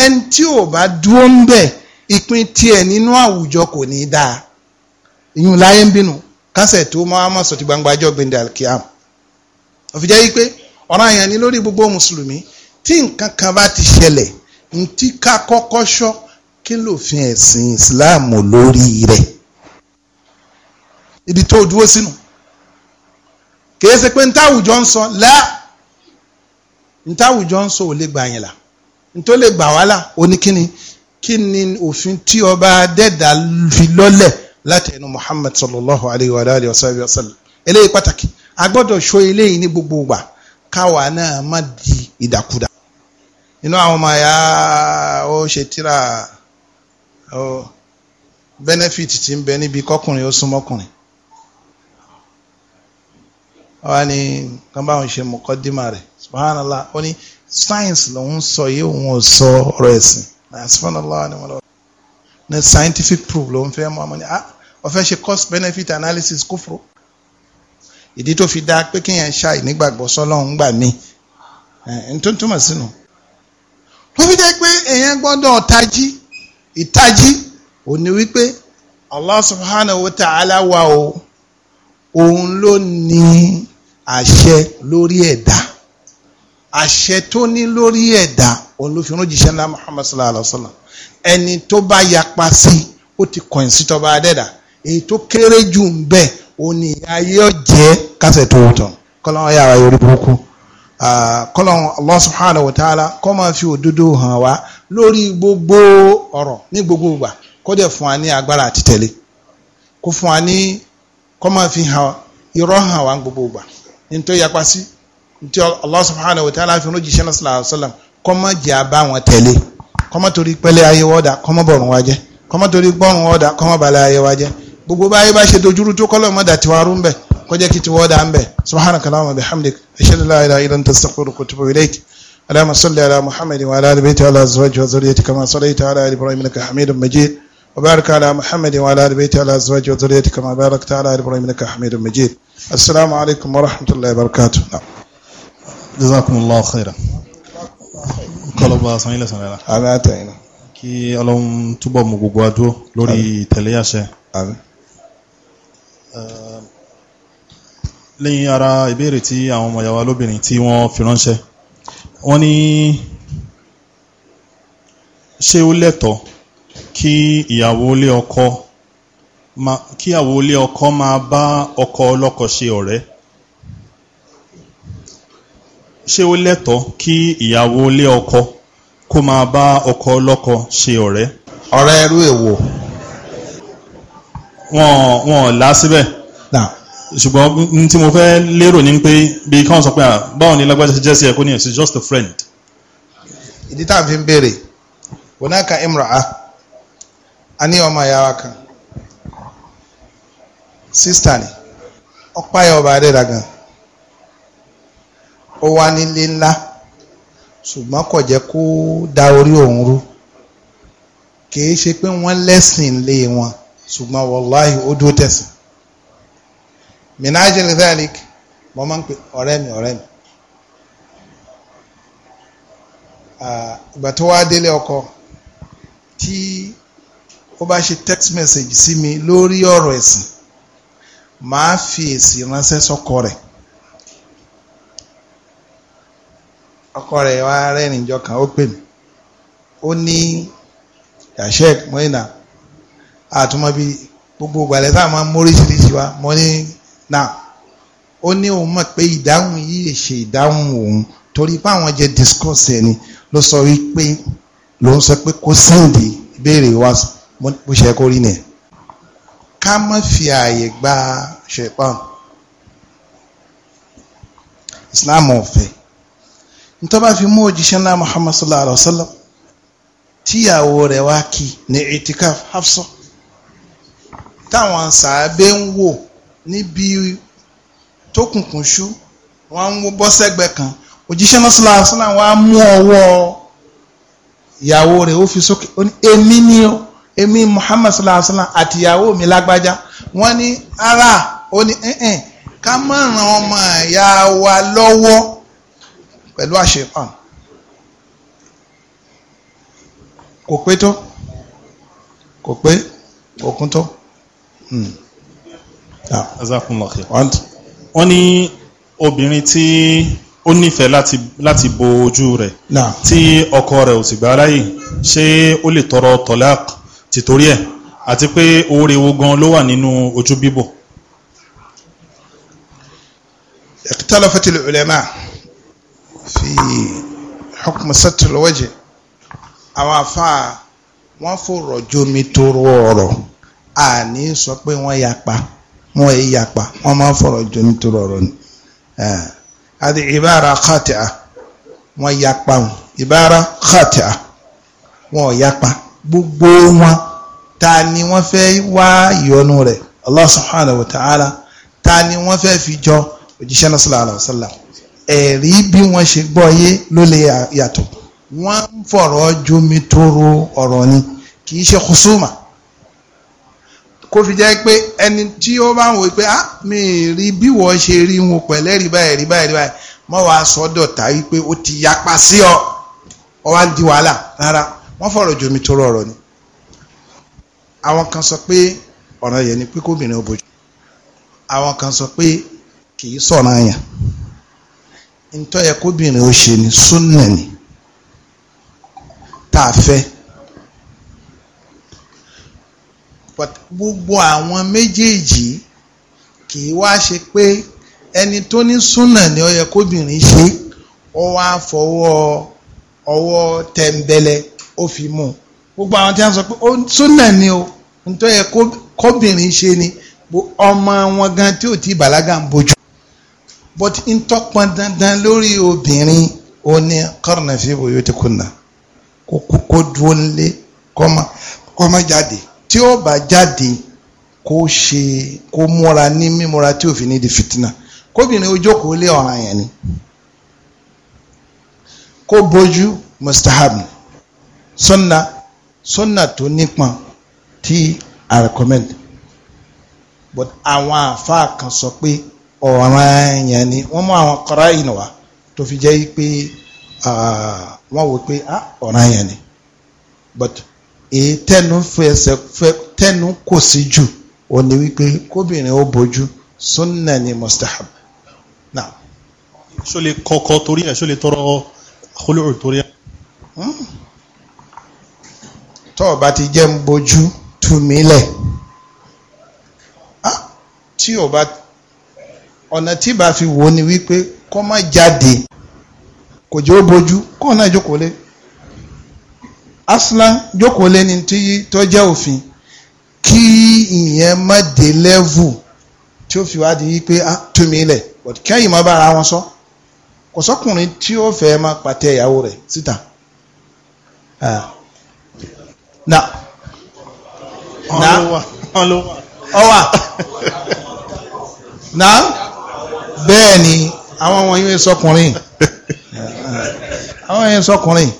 ẹni tí ò bá dúró ń bẹ̀ ìpín tiẹ̀ nínú àwùjọ kò ní dáa ìyún láyé ń bínú kásẹ̀ tó máa mọ̀ sọ̀tì gbangba ajọ́ gbẹ̀ndẹ̀ alkiam òfin jẹ́ wípé ọ̀ràn yẹn ni lórí gbogbo mùsùlùmí tí nǹkan kan bá ti ṣẹlẹ̀ ntí ká kọ́kọ́ ṣọ́ kí lòfin ẹ̀sìn islam lórí rẹ̀ ibi tó dúró sínú kìí ṣe pé ntáwùjọ ń sọ lá ntáwùjọ ń sọ ò lè gbà yẹn là ntó lè gbà wá là oníkíni kí ni òfin tí ọba adẹ́dà fi lọ́lẹ̀ láti ẹnu Muhammad sallallahu alayhi wa alayhi wa sallam eléyìí pàtàkì a gbọ́dọ̀ ṣọ́ eléyìí ní gbogbo ìgbà káwa náà má di ìdàkudà inú àwọn ọmọ ya ó ṣe tíra ó benefit ti ń bẹ níbi kọkùnrin ó súnmọ́kùnrin wọ́n ní kán bá wọn ṣe mọ̀kọ́dímà rẹ̀ subhanallah ó ní science lòun sọ yìí òun ò sọ ọ̀rọ̀ ẹ̀sìn subhanallah ni wọ́n lọ ní scientific proof lòun fẹ́ mọ́ ọmọ ní ah ó fẹ́ ṣe cost benefit analysis kófòrò ìdí tó fi dáa pé kéèyàn ṣàì nígbàgbọ́ sọ́lọ́run gbà mí tó ń túmọ̀ sínú ló fi jẹ́ pé èèyàn gbọ́dọ̀ tají ìtají ò wípé Allah subhanahu wa ta'ala wa o òun ló ní àṣẹ lórí ẹ̀dá àṣẹ tó ní lórí ẹ̀dá òun ló ńlá Muhammad sallallahu alaihi wa sallam ẹni tó bá yapa sí ó ti kọ̀yìn sí tọba adẹ́dàá èyí tó kéré jù ń bẹ̀ ó ní ayé ọ̀jẹ́ kásẹ̀ tó wùtọ̀ kọ́lọ́n yàrá yorí burúkú kọ́lọ́n Allah kọ́ máa fi òdodo hàn wá lórí gbogbo ọ̀rọ̀ ní gbogbo ìgbà kó dẹ̀ fún wa ní agbára àti tẹ̀lé kó fi hàn irọ́ gbogbo ìgbà ní tó yapa sí tí fi kọ́ máa jẹ́ wọn tẹ̀lé kọ́ máa torí pẹ́lẹ́ ayé wọ́dà kọ́ máa gbogbo báyìí bá ṣe dojúrú tó kọ́lọ̀ mọ́ dàtí wa rún bẹ̀ kọjá kí ti wọ́ dà ń bẹ̀ subhanaka allahumma bihamdik ashhadu an la ilaha illa anta astaghfiruka wa atubu ilayk allahumma salli ala muhammad wa ala ali ala azwaji wa zurriyyati kama sallaita ala ibrahim innaka hamidum majid wa barik ala muhammad wa ala ali ala azwaji wa zurriyyati kama barakta ala ibrahim innaka hamidum majid assalamu alaykum wa rahmatullahi wa barakatuh jazakumullahu khairan kọlọba sanyẹlẹ sanyẹlẹ la. ami a ta na. kí ọlọ́run túbọ̀ mú gbogbo lórí ìtẹ̀lé àṣẹ. ami. Ehm, lẹ́yìn ara ìbéèrè tí àwọn ọmọ ìyàwó lóbìnrin tí wọ́n fi ránṣẹ́ wọ́n ní ṣé ó lẹ́tọ̀ọ́ kí ìyàwó ilé ọkọ kí ìyàwó ilé ọkọ máa bá ọkọ ọlọ́kọ ṣe ọ̀rẹ́ ṣé ó lẹ́tọ̀ọ́ kí ìyàwó ilé ọkọ kó máa bá ọkọ ọlọ́kọ ṣe ọ̀rẹ́ ọ̀rẹ́ irú èwo wọn wọn là síbẹ̀ ṣùgbọ́n n tí mo fẹ́ lérò ní pé bí káwọn sọ pé à báwọn ni lágbájá ṣe jẹ́ sí ẹ̀kọ́ ní ẹ̀sìn just a friend. ìdí tá à ń fi ń béèrè wọn náà kan imra'a a ní ọmọ ìyá kan sísítà ni ọ̀pá ẹ̀ ọba adẹ́ra ó wá nílé ńlá ṣùgbọ́n kò jẹ́ kó da orí òun rú kì í ṣe pé wọ́n lẹ́sìn lé wọn. ṣùgbọ́n wàláhì ó dúró tẹ̀sán minajil dhalik mo máa ń pè ọ̀rẹ́ mi ọ̀rẹ́ mi ìgbà tó wá délé ọkọ tí ó bá ṣe text message sí mi lórí ọ̀rọ̀ ẹ̀sìn màá fi èsì ránṣẹ́ sọ́kọ rẹ̀ ọkọ rẹ̀ wá rẹ́rìn-ín ó pè mí ó ní yàṣẹ́ mọ́ínà àtúmọ̀ bíi gbogbo ìgbàlẹ̀ sáà máa ń móríṣiríṣi wa mo ní náà ó ní òun mọ̀ pé ìdáhùn yìí ṣe ìdáhùn òun torí pé àwọn jẹ́ discuss ẹni ló sọ wípé ló ń sọ pé kó sẹ́ǹdì ìbéèrè wa bó ṣe kó rí nìyẹn ká má fi ààyè gba ṣẹ̀pọ̀n islam ọ̀fẹ́ nítorí fi mú òjíṣẹ́ náà muhammad sallallahu alaihi wa sallam tíyàwó rẹ̀ wá kí ní itikaf hafsah táwọn sàábé ń wò níbi tó kùnkùn ṣú wọ́n ń bọ́ sẹ́gbẹ̀ẹ́ kan òjíṣẹ́ náà sílá sílá wọ́n á mú ọwọ́ ìyàwó rẹ̀ ó fi sókè ó ní èmi ni ó èmi Muhammad sílá sílá àti ìyàwó mi lágbájá wọ́n ní ara ó ní ẹ̀ẹ́n ká má ràn ọmọ ìyá wa lọ́wọ́ pẹ̀lú àṣepàn kò pé tó kò pé kò kún tó. Hmm. Ah. wọ́n ní obìnrin tí ó nífẹ̀ẹ́ láti láti bo ojú rẹ̀ tí ọkọ rẹ̀ ò sì gbà láyè ṣé ó lè tọrọ tọ́lák tìtorí ẹ̀ àti pé oore wo gan ló wà nínú ojú bíbò. اختلفت العلماء في حكم ستر الوجه àwọn àfáà wọ́n ọ̀rọ̀ àní sọ pé wọ́n yapa wọ́n yẹ yapa wọ́n máa fọ̀rọ̀ jọ nítorí ọ̀rọ̀ ni àti ìbára kàtìá wọ́n yapa wọn ìbára kàtìá wọ́n yapa gbogbo wọn ta ni wọ́n fẹ́ wá ìyọnu rẹ̀ Allah subhanahu wa ta'ala ta ni wọ́n fẹ́ fi jọ òjíṣẹ́ náà sallallahu alaihi wa bí wọ́n ṣe gbọ́ yé ló lè yàtọ̀ wọ́n ń jomitoro ọ̀rọ̀ ni kì í ṣe kùsùmà kó fi jẹ́ pé ẹni tí ó bá ń wò pé ah mi rí bí wọ́n ṣe rí wọn pẹ̀lẹ́ rí báyìí rí báyìí rí báyìí mọ́ wàá sọ dọ̀tá wípé ó ti yapa sí ọ ọ wá ń di wàhálà rárá wọ́n fọ̀rọ̀ jomi tó rọrọ̀ ni àwọn kan sọ pé ọ̀ràn yẹn ni pé kóbìnrin àwọn kan sọ pé kì í sọ̀rọ̀ àyàn ntọ́ yẹ kóbìnrin ó ṣe ni súnà ni tá a fẹ́ but gbogbo àwọn méjèèjì kì í wá ṣe pé ẹni tó ní súnà ni ó yẹ kóbìnrin ṣe ó wá fọwọ́ ọwọ́ tẹ̀m̀bẹ̀lẹ̀ ó fi mú gbogbo àwọn tí wọ́n sọ pé súnà ni o nítorí yẹ kóbìnrin ṣe ni ọmọ wọn gan tí ò tí bàlágà ń bójú but n tọpọn dandan lórí obìnrin ó ní kọ́rọ̀nà fíìbù yóò ti kùnà kó dúró nílé kó jáde tí ó bá jáde kó ṣe kó múra ní mímúra tí òfin ní di fìtínà kóbìnrin ojókòó lé ọ̀ràn yẹn ni kó bójú mustahab sunna sunna tó nípọn tí i recommend but àwọn àáfàá kan sọ pé ọ̀ràn yẹn ni wọ́n mú àwọn kọ́ra yìí wá tó fi jẹ́ pé ah, wọ́n wò pé ah, ọ̀ràn yẹn ni but èyí tẹnu fẹsẹ̀ fẹ tẹnu kò sí jù ò ní wípé kóbìnrin ó bójú sunna ni mustahab na ṣó lè kọkọ torí ẹ ṣó lè tọrọ àkólórò torí ẹ. Hmm. tọ́ ọ bá ti jẹ́ ń bójú tú mi lẹ̀ ah, tí o bá ọ̀nà tí bá fi wò ni wípé kọ́ má jáde kò jẹ́ ó bójú kọ́ náà jókòó lé aslan jókòó lẹ́ni tó jẹ́ òfin kí ìyẹn má dé level tí ó fi wá di wípé ah túnmí lẹ̀ but kẹ́yìn má bára wọn sọ kò sọ́kùnrin tí ó fẹ́ máa pàtẹ ìyàwó rẹ̀ síta. Ah. na na ọwà na bẹ́ẹ̀ ni àwọn wọ̀nyí sọkùnrin àwọn yẹn sọkùnrin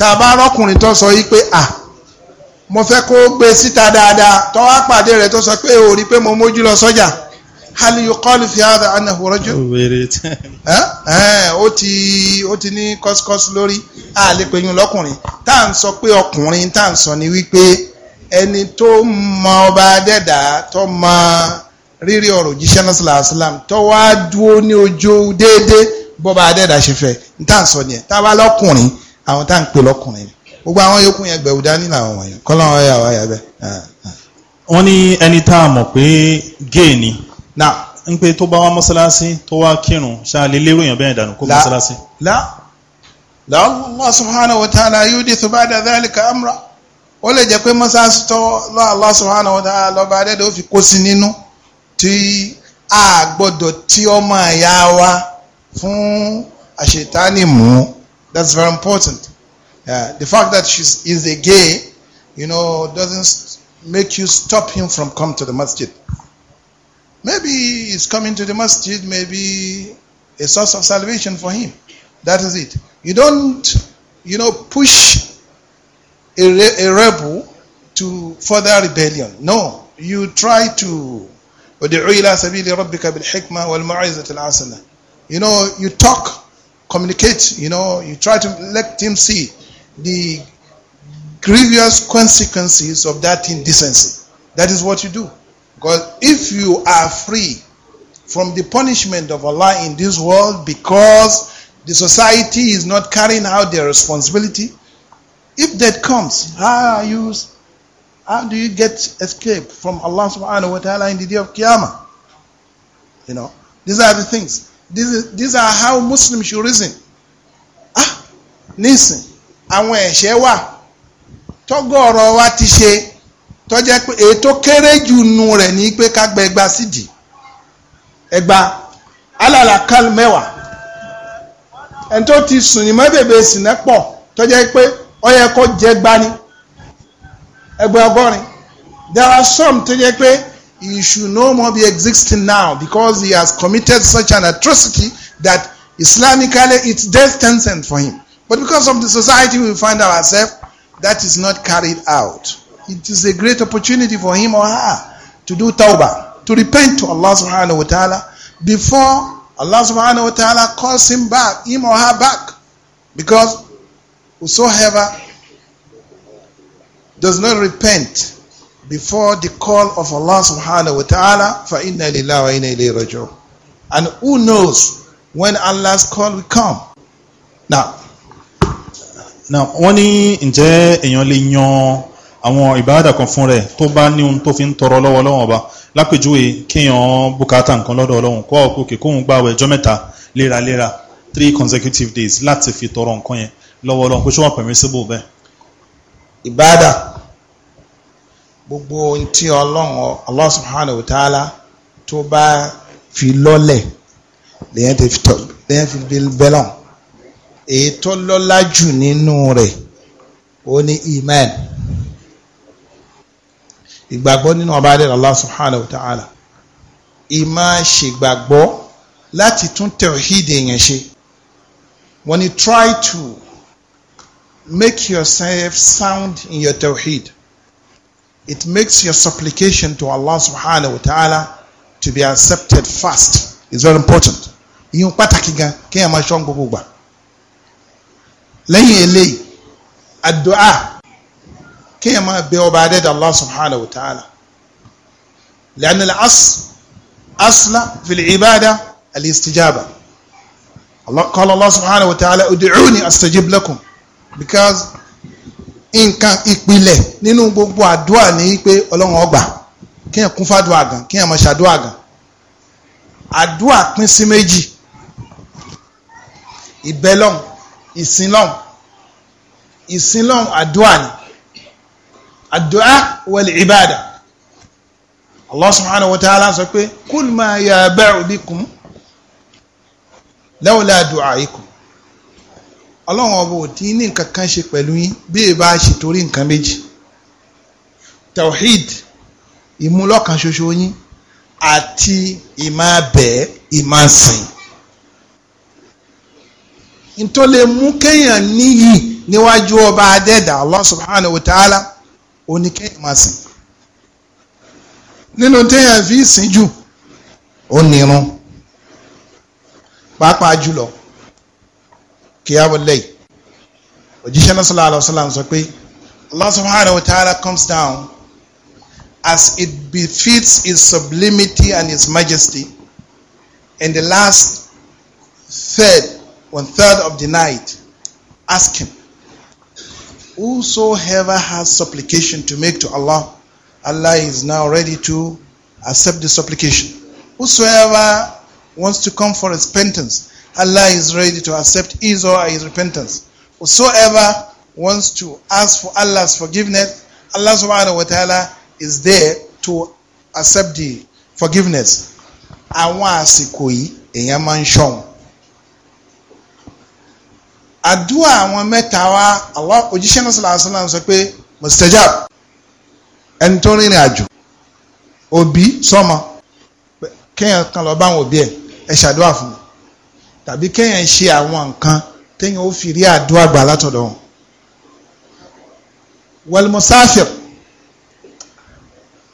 tá a bá rọ́kùnrin tó sọ yí pé à mo fẹ́ kó gbé síta dáadáa tó wá pàdé rẹ̀ tó sọ pé o rí pé mo mójú lọ sọ́jà hali kọ́ọ̀lù fi hàn anahu rọ́jú. ó ti ó ti ní kọ́síkọ́sí lórí a lọ́kùnrin tá à ń sọ pé ọkùnrin tá à ń sọ ni wípé ẹni tó mọ ọba adẹ́dà tó mọ rírí ọ̀rọ̀ jíṣẹ́ náà sàlá sàlám tó wá dúró ní ojú déédéé bọ́ba adẹ́dà ṣe fẹ́ tá à ń sọ nìyẹn tá a bá lọ́kùnrin àwọn tá à ń pè lọ́kùnrin gbogbo àwọn yòókù yẹn gbẹ̀wò dání làwọn wọ̀nyẹn ya yà wá yà bẹ́ẹ̀. Ah, ah. ẹni tá mọ̀ pé ni na ń pe tó bá wá mọ́sálásí tó wá kírun ṣáàlì lérò èèyàn bẹ́ẹ̀ dànù kó la la Allah subhanahu wa ta'ala amra ó lè pé tó Allah subhanahu That's very important. Uh, the fact that she's is a gay, you know, doesn't make you stop him from coming to the masjid. Maybe he's coming to the masjid, maybe a source of salvation for him. That is it. You don't, you know, push a, re a rebel to further rebellion. No, you try to. You know, you talk communicate, you know, you try to let him see the grievous consequences of that indecency. That is what you do. Because if you are free from the punishment of Allah in this world because the society is not carrying out their responsibility, if that comes, how ah, are you how do you get escape from Allah subhanahu wa ta'ala in the day of Qiyamah? You know, these are the things. These, are how Muslims should reason. Ah, listen. àwọn ẹ̀ṣẹ̀ wà tọ́gọ́ ọ̀rọ̀ wa ti ṣe tọ́jẹ́ pé ètò kéré jù nu rẹ̀ ní pé ká gba ẹgba sídìí ẹgba alàlà kan mẹ́wàá ẹni tó ti sùn ní mẹ́bèbè sìnẹ́ pọ̀ tọ́jẹ́ pé ó yẹ kó jẹ gbani ẹgbẹ́ ọgọ́rin there are some tó jẹ́ pé he should no more be existing now because he has committed such an atrocity that Islamically it's death sentence for him. But because of the society we find ourselves, that is not carried out. It is a great opportunity for him or her to do tawbah, to repent to Allah subhanahu wa ta'ala before Allah subhanahu wa ta'ala calls him back, him or her back. Because whosoever does not repent before the call of Allah subhanahu wa ta'ala, فَإِنَّا لِلَّهِ وَإِنَّا إِلَيْهِ رَجْعُونَ And who knows when Allah's call will come? Now, now wọ́n ní ǹjẹ́ èèyàn lè yan àwọn ìbáradà kan fún rẹ̀ tó bá ní ohun tó fi ń tọrọ lọ́wọ́ Ọlọ́run Ọba lápèjúwe kéèyàn bùkátà nǹkan lọ́dọ̀ Ọlọ́run kó ọ̀pọ̀ òkè kóhun gbààwẹ̀ ọjọ́ mẹ́ta léraléra three consecutive days láti fi tọrọ nǹkan yẹn lọ́wọ́ Ọlọ́run pé ṣé wọ́n permissible bẹ́ẹ̀. ìbáradà gbogbo ohun tí ọlọ́run Allah subhanahu wa ta'ala tó bá fi lọ́lẹ̀ lèyàn ti fi bẹ́lọ̀ èyí tó lọ́lá jù nínú rẹ̀ ó ní iman ìgbàgbọ́ nínú ọba adé Allah subhanahu wa ta'ala ìmá ṣègbàgbọ́ láti tún tawhid èèyàn ṣe wọ́n ní try to make yourself sound in your tawhid it makes your supplication to Allah subhanahu wa ta'ala to be accepted fast. It's very important. Ìyẹn pàtàkì gan kéèyàn máa ṣọ́ gbogbo gbà. Lẹ́yìn eléyìí, àdúà kéèyàn máa bẹ ọba Allah subhanahu wa ta'ala. لأن asla fil في al الاستجابة. Allah, Allah Subhanahu Wa Taala ادعوني أستجب lakum because nǹkan ìpìlẹ̀ nínú gbogbo àdúrà ní pé ọlọ́run ọgbà kí ẹ̀ kún fàdúrà gan kí ẹ̀ mọ̀ ṣàdúrà gan àdúrà pín sí méjì ìbẹ́lọ́n ìsinlọ́n ìsinlọ́n àdúrà ni àdúrà wal ìbádà Allah subhanahu wa ta'ala sọ pé kul ma ya ba'u bikum lawla du'aikum ọlọ́run ọba ò tí ní nǹkan kan ṣe pẹ̀lú yín bí ẹ bá ṣe torí nǹkan méjì tawhid ìmúlọ́kan ṣoṣo yín àti ìmábẹ́ ìmásìn ntọ́ lè mú kéèyàn níyì níwájú ọba adẹ́dà Allah subhanahu wa ta'ala oníkéèyàn máa sìn nínú téèyàn fi sìn jù ó nírun pàápàá jùlọ kíyàwó lẹ́yìn òjíṣẹ́ náà sallallahu alaihi wasallam sọ pé Allah subhanahu wa ta'ala comes down as it befits his sublimity and his majesty in the last third one third of the night ask Him. whosoever has supplication to make to Allah Allah is now ready to accept the supplication whosoever wants to come for his repentance Allah is ready to accept his or his repentance. Whosoever wants to ask for Allah's forgiveness, Allah subhanahu wa ta'ala is there to accept the forgiveness. Àwọn àsìkò yìí èèyàn máa ń ṣọ̀hún. Àdúrà àwọn mẹ́ta wa Allah òjíṣẹ́ náà sallallahu alaihi sọ pé mustajab ẹni tó rìnrìn àjò òbí sọmọ kéèyàn kan lọ bá àwọn òbí ẹ̀ ẹ̀ ṣàdúrà fún mi tàbí kéèyàn ṣe àwọn nǹkan téèyàn ó fi rí àdúrà gbà látọ̀dọ̀ wọn. wàlmùsáfìr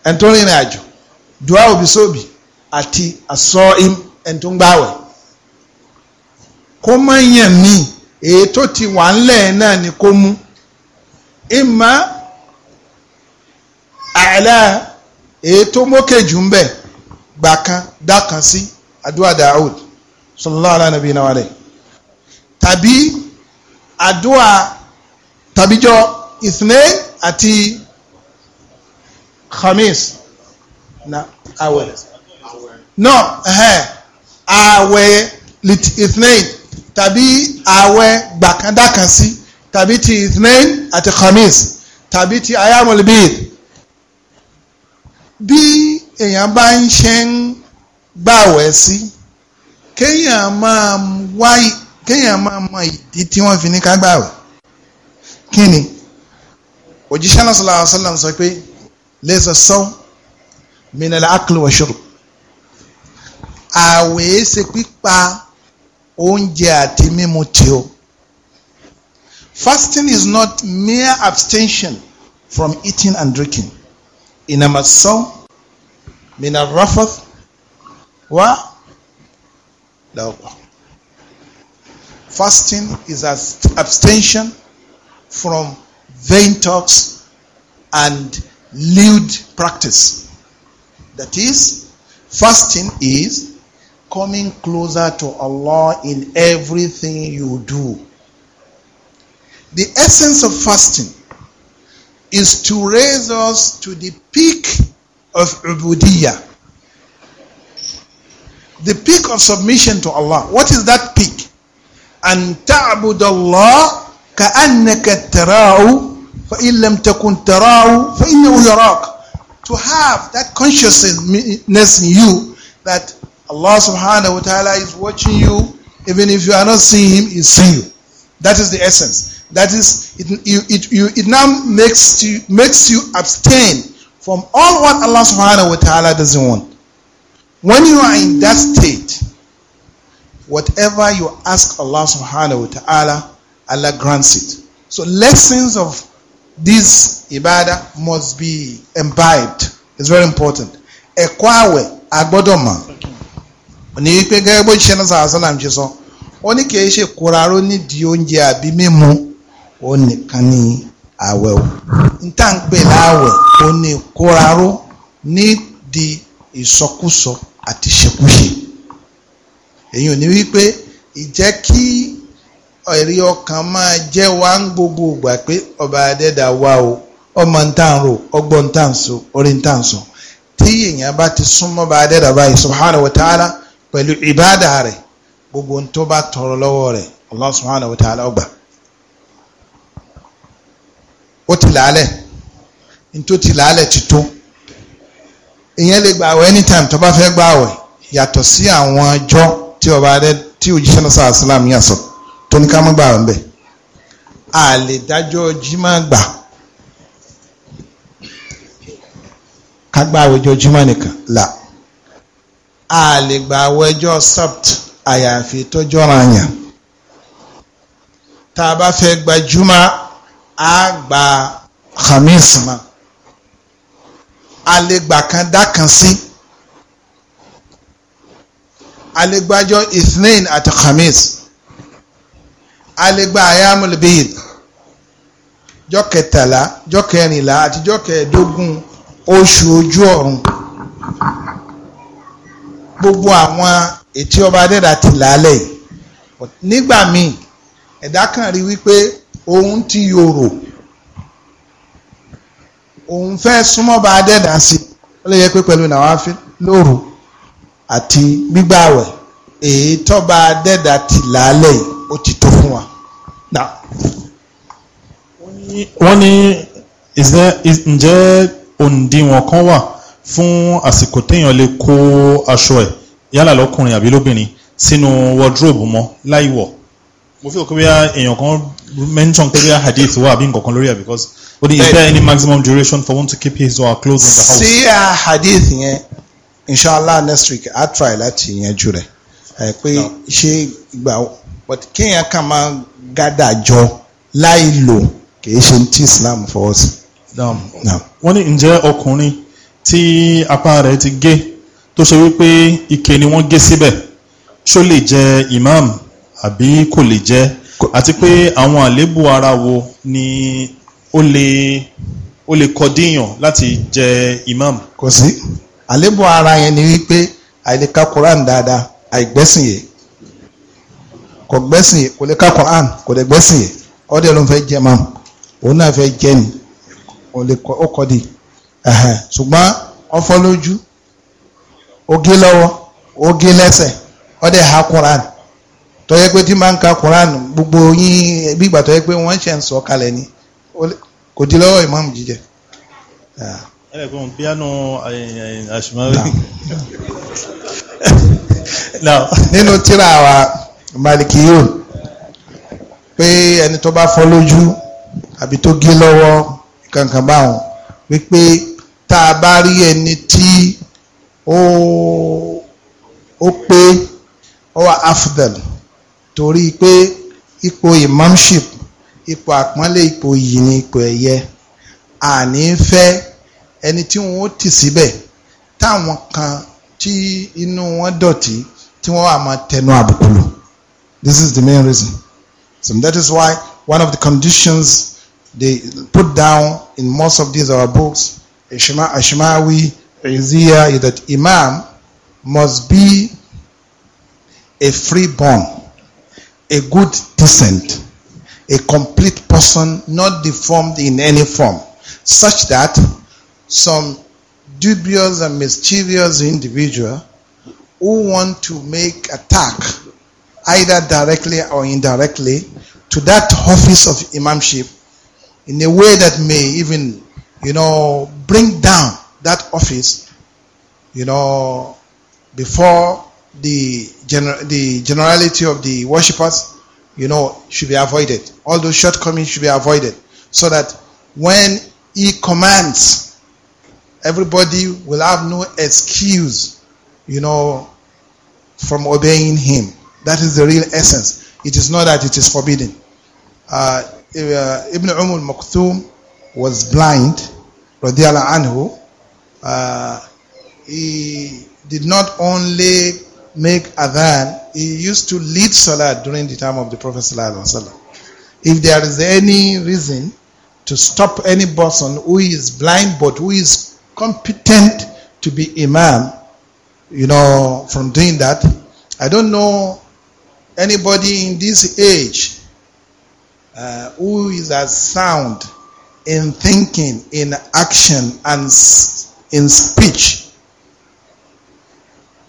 ẹni tó rìnrìn àjò dùá òbí sóbì àti àsọ́ìm ẹni tó ń gbàwẹ̀ kó má yàn mí èyí tó ti wà ńlẹ̀ náà ni kó mú ìmọ̀ àlà èyí tó mókè jù ń bẹ̀ gbà kan dá kan sí àdúrà Dáúdù sallallahu ala nabiyina wa alayhi tàbí àdúà tàbíjọ́ ithnain àti khamis na àwẹ̀ no àwẹ̀ ithnain tàbí àwẹ̀ gbàkandàkànsí tàbí ti ithnain àti khamis tàbí ti ayamul bid bí èèyàn bá ń ṣe ń gbàwẹ̀ sí kéèyàn máa wá kéèyàn máa mọ ìdí tí wọ́n fi ní ká gbààwẹ̀ kí ni òjíṣẹ́ náà sallallahu alaihi sọ pé laysa sawm min al-akli wa shurb àwẹ̀ é ṣe pípa oúnjẹ àti mímu tí o fasting is not mere abstention from eating and drinking ìnàmà sawm min al-rafath wa. Fasting is abstention from vain talks and lewd practice. That is, fasting is coming closer to Allah in everything you do. The essence of fasting is to raise us to the peak of ubudiyah The peak of submission to Allah. What is that peak? أن تعبد الله كأنك تراه فإن لم تكن تراه فإنه يراك. To have that consciousness in you that Allah subhanahu wa ta'ala is watching you even if you are not seeing Him, He sees you. That is the essence. That is, it, you, it, you, it now makes you, makes you abstain from all what Allah subhanahu wa ta'ala doesn't want. When you are in that state, whatever you ask Allah subhanahu wa ta'ala, Allah grants it. So lessons of this ibadah must be imbibed. It's very important. Ẹ̀kọ́ àwẹ̀ agbọ́dọ̀ mọ̀. gẹ́gẹ́ bó ṣiṣẹ́ náà sàásán náà ṣe sọ. Ó ní kì í ṣe kóraró nídìí oúnjẹ àbí mímu. Ó nìkan ní àwẹ̀ o. Ntàǹpẹ̀ láwẹ̀ ó ní kóraró nídìí ìsọkúsọ àti ṣekúṣe èyí ò ní wípé ìjẹ́ kí ẹ̀rí ọkàn máa jẹ́ wá ń gbogbo ìgbà pé ọba adẹ́dà wá o ọmọ ń tàn rò ọgbọ́n ń tàn so orí ń tàn so tí èèyàn bá ti súnmọ́ ọba adẹ́dà báyìí subhanahu wa ta'ala pẹ̀lú ìbáàdà rẹ̀ gbogbo ohun tó bá tọrọ lọ́wọ́ rẹ̀ Allah Subhana wa ta'ala ọgbà ó ti làálẹ̀ ní tó ti làálẹ̀ ti tó èèyàn lè gbà àwẹ̀ anytime tó bá fẹ́ gbà àwẹ̀ yàtọ̀ sí àwọn ọjọ́ tí ọba adé tí òjíṣẹ́ náà sáà sílám yà sọ tó ní ká mọ́ gbà àwẹ̀ ńbẹ̀ a lè dájọ́ jimá gbà ká gbà àwẹ̀ ọjọ́ jimá nìkan là a lè gbà àwẹ̀ ọjọ́ sabt àyàfi tọ́jọ́ ra yàn tá a bá fẹ́ gbà jumá a gbà khamis máa àlegbà kan dá sí àlegbàjọ ithnain àti khamis àlegbà ayamul bid jọ́ kẹtàlá jọ́ kẹrìnlá àti jọ́ kẹẹ̀ẹ́dógún oṣù ojú ọ̀run gbogbo àwọn ètí ọba adẹ́dà ti làálẹ̀ nígbà míì ẹ̀dá kan rí wípé òun ti yòrò òun fẹ́ súnmọ́ bá dẹ́dà sí ó lè yẹ pé pẹ̀lú nàwáfí lóru àti gbígbàwẹ̀ èyí tó bá dẹ́dà ti làálẹ̀ ó ti tó fún wa. wọ́n ní ǹjẹ́ òǹdíwọ̀n kan wà fún àsìkò téèyàn lè kó aṣọ ẹ̀ yálà lọ́kùnrin àbí lóbìnrin sínú wọ́dróòbù mọ́ láì mo fi òkúbíyá èèyàn kan mention pé bíyá hadith wà bí nǹkankan lórí ẹ̀ because ó ní is there any maximum duration for one to keep his or her clothes in the house. See sí hadith yẹn inshallah next week i try láti yanjú rẹ̀ ẹ pé ṣé ìgbà but kéèyàn kàn máa gada jọ láì lò kìí ṣe ti islam fọwọ́ sí. wọ́n ní ǹjẹ́ ọkùnrin tí apá rẹ̀ ti gé tó ṣe wípé ike ni wọ́n gé síbẹ̀ ṣó lè jẹ́ imam àbí kò lè jẹ́ àti pé àwọn àléébù ara wo ni ó lè ó lè kọ díyàn láti jẹ imam. kò sí àléébù ara yẹn ni wípé àìlèka Quran dáadáa àìgbẹ́sìn yìí kò gbẹ́sìn yìí kò lè ka Quran kò lè gbẹ́sìn yìí ọdẹ ló ń fẹ́ jẹ máa òun náà fẹ́ jẹ ni ó kọ́ di ṣùgbọ́n ọfọ́ lójú lọ́wọ́ ó lẹ́sẹ̀ ọdẹ ha Quran tó yẹ pé tí máa ń ka Quran gbogbo yín bí ìgbà tó yẹ pé wọ́n ṣe ń sọ kalẹ̀ ni kò di lọ́wọ́ ìmáàmù jíjẹ. nínú tíra wa malikiyo pé ẹni tó bá fọ́ lójú àbí tó gé lọ́wọ́ kankan báwọn wípé tá a bá rí ẹni tí ó pé ó wà afdal torí pé ipò imamship ipò àpọ́nlé ipò yìí ni ipò ẹ̀yẹ àní fẹ́ ẹni tí wọ́n tì síbẹ̀ táwọn kan tí inú wọn dọ̀tí tí wọ́n wà máa tẹnu àbùkù lò this is the main reason so that is why one of the conditions they put down in most of these our books ashima ashimawi iziya is that imam must be a freeborn. a good, decent, a complete person, not deformed in any form, such that some dubious and mischievous individual who want to make attack, either directly or indirectly, to that office of imamship in a way that may even, you know, bring down that office, you know, before the general the generality of the worshippers, you know, should be avoided. All those shortcomings should be avoided, so that when He commands, everybody will have no excuse, you know, from obeying Him. That is the real essence. It is not that it is forbidden. Uh, uh Ibn Umar Maktoum was blind, radiallahu anhu. Uh, he did not only make adhan, he used to lead salah during the time of the Prophet sallallahu If there is any reason to stop any person who is blind but who is competent to be imam, you know, from doing that, I don't know anybody in this age uh, who is as sound in thinking, in action, and in speech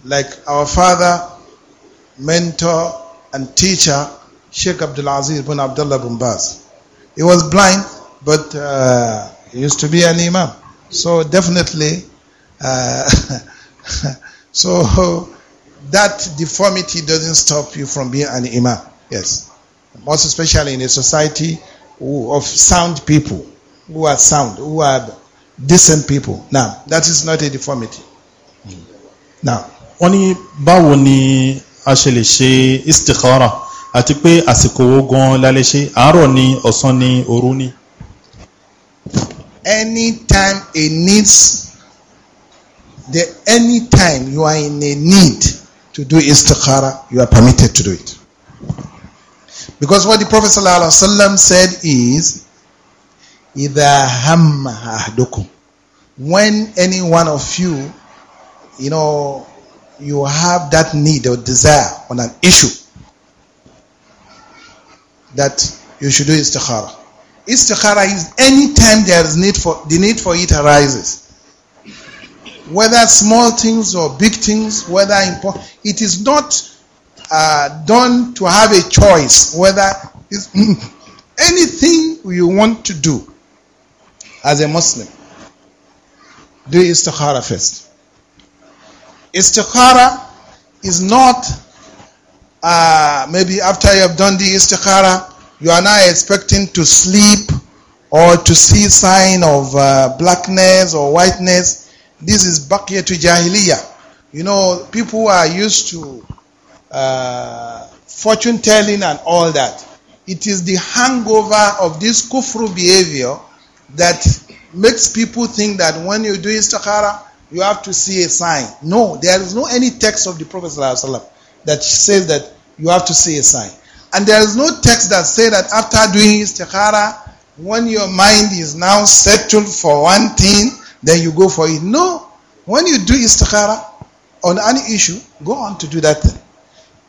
like our father, mentor, and teacher, Sheikh Abdul Aziz bin Abdullah bin Baz. He was blind, but uh, he used to be an imam. So definitely, uh, so that deformity doesn't stop you from being an imam. Yes, most especially in a society of sound people who are sound, who are decent people. Now, that is not a deformity. Hmm. Now, wọ́n ní báwo ni a ṣe lè ṣe istikhara àti pé àsìkò wo gan ṣe àárọ̀ ni ọ̀sán ni òru ni. anytime a needs the anytime you are in a need to do istikhara you are permitted to do it. Because what the Prophet ﷺ said is, إِذَا هَمَّ أَحْدُكُمْ When any one of you, you know, you have that need or desire on an issue that you should do istikhara. Istikhara is any time there is need for the need for it arises. Whether small things or big things, whether important, it is not uh, done to have a choice whether anything you want to do as a Muslim. Do istikhara first. Istikhara is not uh, maybe after you have done the istikhara, you are now expecting to sleep or to see sign of uh, blackness or whiteness. This is Bakia to Jahiliyyah. You know, people are used to uh, fortune telling and all that. It is the hangover of this kufru behavior that makes people think that when you do istikhara, you have to see a sign. No, there is no any text of the Prophet that says that you have to see a sign. And there is no text that says that after doing istikhara, when your mind is now settled for one thing, then you go for it. No. When you do istikhara on any issue, go on to do that thing.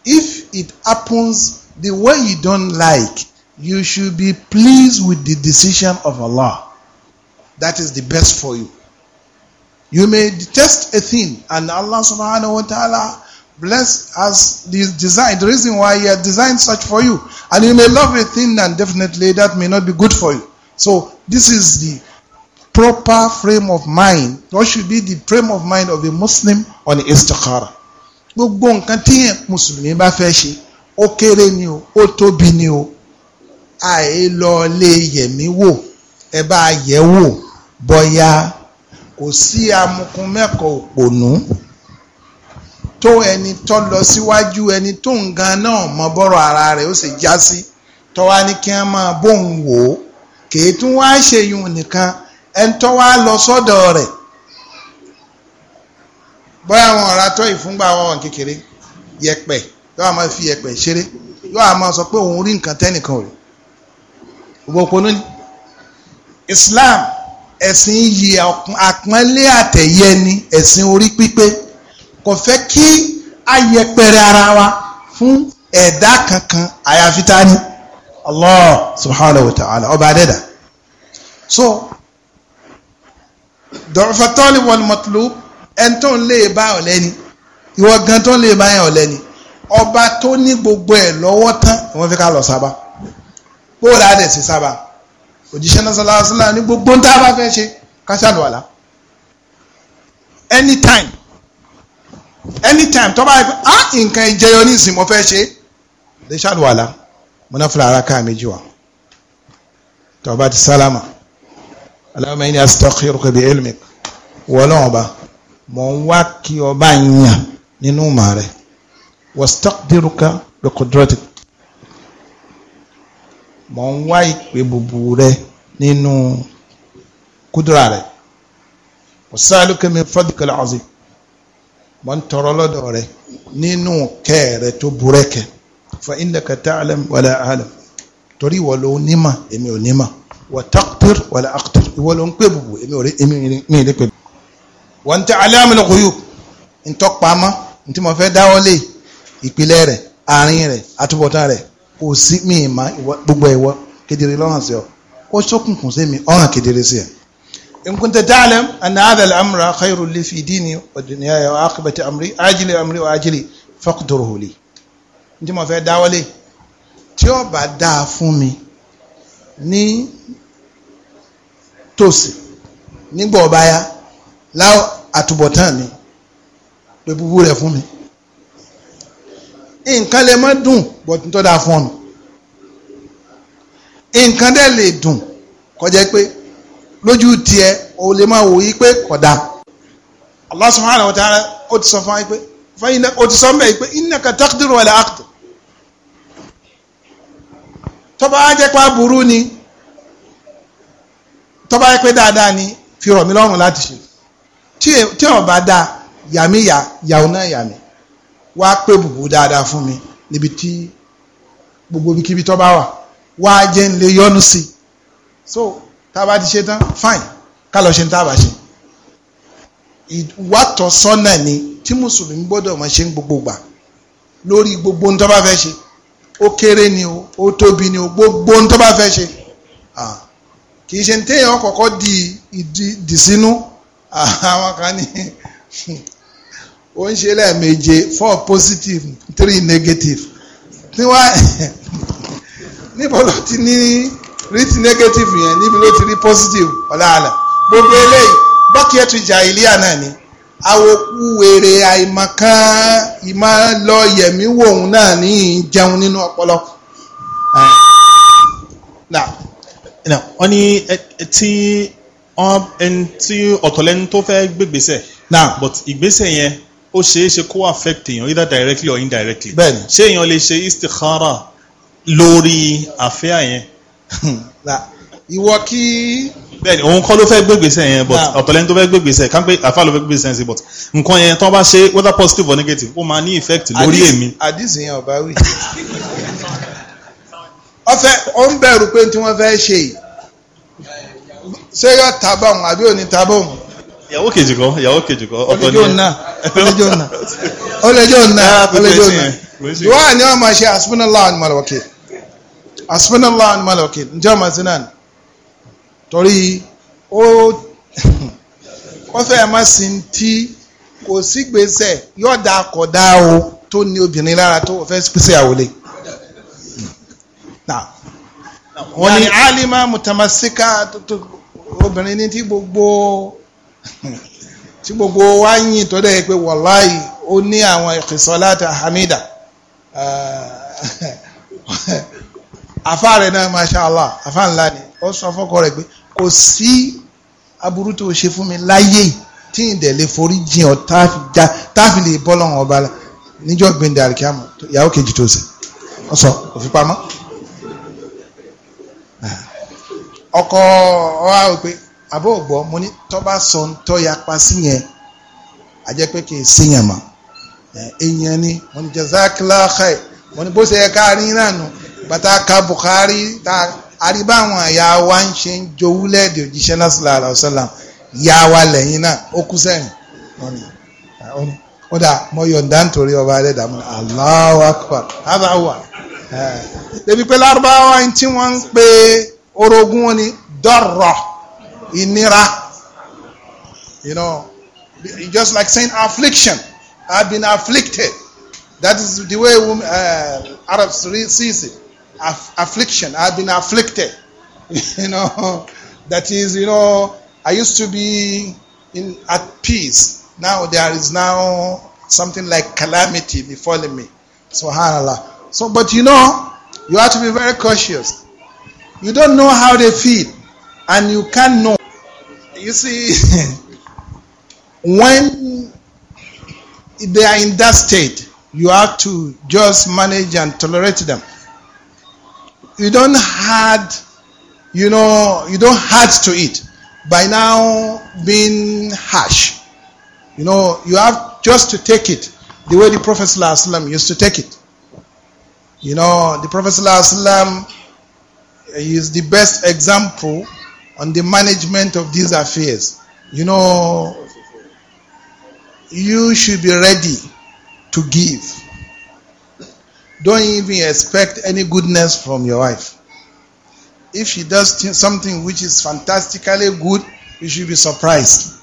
If it happens the way you don't like, you should be pleased with the decision of Allah. That is the best for you. You may detest a thing, and Allah subhanahu wa ta'ala bless us the design, the reason why He had designed such for you. And you may love a thing, and definitely that may not be good for you. So, this is the proper frame of mind. What should be the frame of mind of a Muslim on istikhara? Gbogbo nǹkan tí Mùsùlùmí bá fẹ́ ṣe, ó kéré ni o, ó tóbi ni o, àìlọ́ọ̀lẹ́ yẹ̀mí wò, ẹ bá yẹ̀ wò bọ́yá kò sí amukun mẹ́kọ̀ọ́ òpònú tó ẹni tó lọ síwájú ẹni tó ń gan náà mọ bọ́rọ̀ ara rẹ̀ ó sì já sí tó wá ní kí wọ́n máa bóun wò ó kèé tún wá ṣe yùn nìkan ẹni tó wá lọ sọ́dọ̀ rẹ̀ bóyá àwọn ọ̀rá tó ìfúngbà wọn kékeré yẹpẹ̀ yóò àmọ́ fi yẹpẹ̀ ṣeré yóò àmọ́ sọ pé òun rí nǹkan tẹ́nìkan rẹ̀ òbòpónú ni Islam ẹ̀sìn iyì àpọ́nlé àtẹ̀yẹ ni ẹ̀sìn orí pípé kò fẹ́ kí a ara wa fún ẹ̀dá kankan àyàfi ta ni Allah subhanahu wa ta'ala ọba adẹ́dà so dọ̀rọ̀fàtọ́lì wal matlub ẹni tó ń lè bá ọ̀lẹ́ ni ìwọ gan tó ń lè bá yẹn ọ̀lẹ́ ni ọba tó ní gbogbo ẹ̀ lọ́wọ́ tán wọ́n fi ká lọ sábà bó o láàdẹ̀ sí sábà òjíṣẹ́ náà sọlá sọlá ní gbogbo ń tá a bá fẹ́ ṣe ká ṣàlùwàlá anytime anytime tó bá yẹ pé á nǹkan ìjẹyọ ní ìsìn mo fẹ́ ṣe lè ṣàlùwàlá mo náà fúnra ara ká méjì wá tó bá ti sálámà Allahumma inni astaghfiruka bi ilmik wọ́n náà ọba mọ̀ ń wá kí ọba yàn nínú màá rẹ̀ wastaqdiruka bi qudratik mọ̀ ń wá ìpè bùbù rẹ nínú kúdúrà rẹ ọ̀sálùkè min fadlikal azim mọ̀ ń tọrọ lọ́dọ̀ rẹ nínú kẹ́ rẹ tó burẹ́kẹ̀ fa innaka ta'lam wala a'lam torí ìwọ ló nímọ̀ èmi ò nímọ̀ wa taqtir wala aqtir ìwọ ló ń pè bùbù èmi ò rí èmi ò rí pè bùbù. wa anta ghuyub ntọ́pamọ́ ntí mo fẹ́ dáwọ́lé ìpìlẹ̀ rẹ̀ àárín rẹ̀ àtúbọ̀tán rẹ̀ kò sí mi ìmá gbogbo ìwọ kedere lọ́hàn sí ọ ó ṣókùnkùn sí mi ọ̀hàn kedere sí ẹ. in kunta ta'lam anna hadha al-amra khayrun li fi dini wa dunyaya wa aqibati amri ajili amri wa ajili faqdurhu li. n tí mo fẹ́ dáwọ́lé tí ó bá dáa fún mi ní tòsí nígbà ọ̀báyá láwọ àtúbọ̀tán mi pé búburú rẹ̀ fún mi nǹkan lè má dùn bọ̀tí tó dáa fún ọ̀nà nǹkan dẹ̀ lè dùn kọjá pé lójú tiẹ̀ o lè máa wò yí pé kódà Allah subhanahu wa ta'ala ó ti sọ fún wa pé fẹ́yìn náà ó ti sọ mẹ́ẹ̀ pé innaka taqdiru wala aqdir tọ́ba á jẹ́ pé aburú ni tọ́ba á jẹ́ pé dáadáa ni fi rọ̀ mí lọ́rùn láti ṣe tí ò bá dáa yàmí yà yàwó náà yàmí wá pé bùbù dáadáa fún mi níbi tí gbogbo ibikíbi tó bá wà wá jẹ́ ń lè yọ́nú sí so tá a ti ṣe tán fine ká lọ ṣe ń tá a bá ṣe ni tí mùsùlùmí gbọ́dọ̀ máa ṣe ń gbogbo gbà lórí gbogbo ohun tó bá fẹ́ ṣe ó kéré ni o ó tóbi ni o gbogbo ohun tó bá fẹ́ ṣe kì í ṣe ní téèyàn kọ̀ọ̀kan di ìdí sínú àwọn kan ní ó ń ṣe lẹ́ẹ̀meje four positive three negative tí wọ́n níbo ló ti ní rí ti negative yẹn níbi ló ti rí positive ọ̀làlà gbogbo eléyìí bọ́kẹ́tù jàìlíà náà ni awoku wèrè àìmọ̀kan ìmọ̀ lọ yẹ̀mí wòun náà ní ìjẹun nínú ọpọlọ. wọ́n ní tí ẹni tí ọ̀tọ̀lẹ́ni tó fẹ́ gbégbèsè but ìgbésẹ̀ yẹn ó ṣeéṣe kó affect èèyàn either directly or indirectly. bẹ́ẹ̀ni ṣé èèyàn lè ṣe istikhara lórí àfẹ́ yẹn. ìwọ kí. bẹ́ẹ̀ni òun kọ́ ló fẹ́ gbégbèsè yẹn but ọ̀tọ̀lẹ́ni tó fẹ́ gbégbèsè kán pé àfa ló fẹ́ gbégbèsè yẹn sí but nǹkan yẹn tó bá ṣe whether positive or negative ó máa ní effect lórí èmi. àdìsí yẹn ọba wí. ọfẹ ó ń bẹ̀rù pé tí wọ́n fẹ́ ṣe ṣé yọ tábà àbí òní tábà ìyàwó kejì kan ìyàwó kejì kan ọkọ ni ọlẹjọ nna ọlẹjọ nna ọlẹjọ nna ah, ọlẹjọ nna duwa ni wọn máa ṣe asúnmọ́nàlá àwọn ọmọlọ́kẹ́ asúnmọ́nàlá àwọn ọmọ sí náà torí ó wọ́n fẹ́ má sí ti kò sí gbèsè yọ̀dà kọ̀dà o tó ní obìnrin lára tó fẹ́ pèsè àwòlé. wọ́n ní alima mutamasika obìnrin ní ti gbogbo. tí gbogbo wa ń yìn tó dẹ̀ pé wàláì ó ní àwọn ìkìsọ́láta hamida àfa rẹ̀ náà masha allah àfa ńlá ni ó sọ fọ́kọ rẹ̀ pé kò sí aburú tó ṣe fún mi láyé tí ìdẹ̀ lè forí jìn ọ́ táàfì lè bọ́ lọ́wọ́ ọba la níjọ́ gbẹ̀ndẹ̀ àríkíámọ̀ ìyàwó kejì tó sè ọ sọ kò pamọ́ ọkọ ọ wá pé àbọ̀ ọ̀gbọ́ mo ní tọ́ba sọ ń tọ́ ya pa sí yẹn àjẹ́ pé kì í sí yẹn mọ̀ èèyàn ni mo ní jazakillah khair mo ní bó ṣe yẹ ká rí náà nù bàtà ka Bukhari tá a rí báwọn ìyá wa ń ṣe ń jowú lẹ́ẹ̀dẹ̀ òjíṣẹ́ náà sallallahu alaihi wasallam ìyá wa lẹ́yìn náà ó kú sẹ́yìn wọn ni ó dà mo yọ̀ǹda nítorí ọba ẹlẹ́dàá mi Allahu akbar ábà wà. débi pé lárúbáwá tí wọ́n ń pe orogún ni dọ́rọ̀. ìnira you know just like saying affliction I've been afflicted that is the way women, uh, Arabs sees it Aff affliction I've been afflicted you know that is you know I used to be in at peace now there is now something like calamity befalling me subhanallah so but you know you have to be very cautious you don't know how they feel and you can't know you see, when they are in that state, you have to just manage and tolerate them. You don't had, you know, you don't had to it by now being harsh. You know, you have just to take it the way the Prophet ﷺ used to take it. You know, the Prophet ﷺ is the best example on the management of these affairs. You know, you should be ready to give. Don't even expect any goodness from your wife. If she does something which is fantastically good, you should be surprised.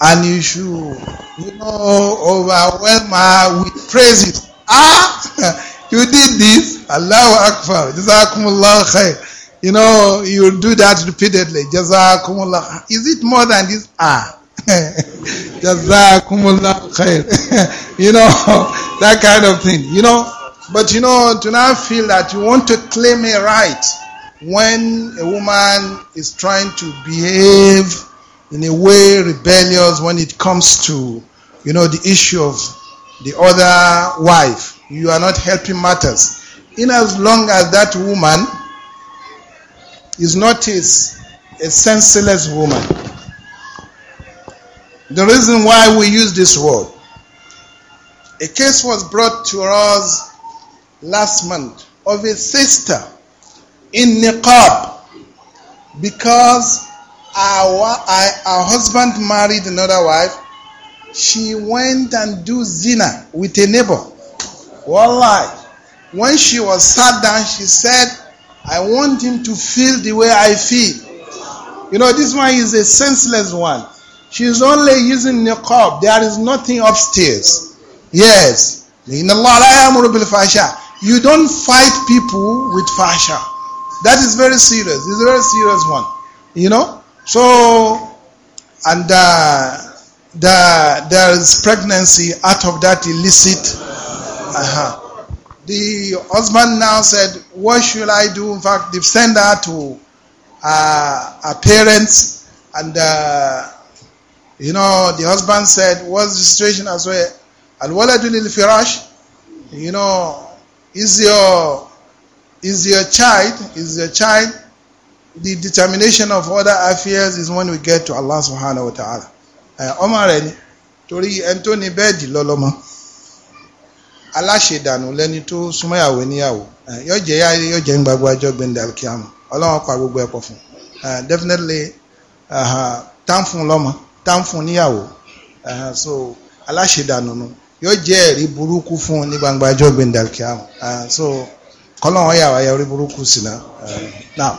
And you should, you know, overwhelm her with praises. Ah, you did this. Allahu Akbar. Jazakumullah khair. You know, you do that repeatedly. Jazakumullah. Is it more than this? Ah. Jazakumullah khair. you know, that kind of thing. You know, but you know, to now feel that you want to claim a right when a woman is trying to behave in a way rebellious when it comes to, you know, the issue of the other wife. You are not helping matters. In as long as that woman is notice a senseless woman. The reason why we use this word. A case was brought to us last month of a sister in niqab because our, our husband married another wife. She went and do zina with a neighbor. Wallahi. When she was sat down, she said, I want him to feel the way I feel. You know, this one is a senseless one. She's only using niqab. There is nothing upstairs. Yes. You don't fight people with fasha. That is very serious. It's a very serious one. You know? So, and uh, the, there is pregnancy out of that illicit. Uh -huh the husband now said, What should I do? In fact, they've sent her to uh, her parents, and uh, you know, the husband said, What's the situation as well? And what I do, little Firash, you know, is your is your child, is your child, the determination of other affairs is when we get to Allah subhanahu wa ta'ala. Ọmọ rẹ̀ ni, torí ẹni tó ní bẹ́ẹ̀dì aláṣẹdànù lẹni tó súnmọ́yàwó níyàwó yóò jẹ́ yóò jẹ́ gbagbo ajọ́ gbẹ̀ndà kíámù ọlọ́wọ́n pa gbogbo ẹ̀pọ̀ fún definitely tán fún lọ́mọ tán fún níyàwó so aláṣẹdànù nu yóò jẹ́ ẹ̀rí burúkú fún ní gbangba ajọ́ gbẹ̀ndà kíámù so kọ́lọ́wọ́n yà wáyà orí burúkú sí náà.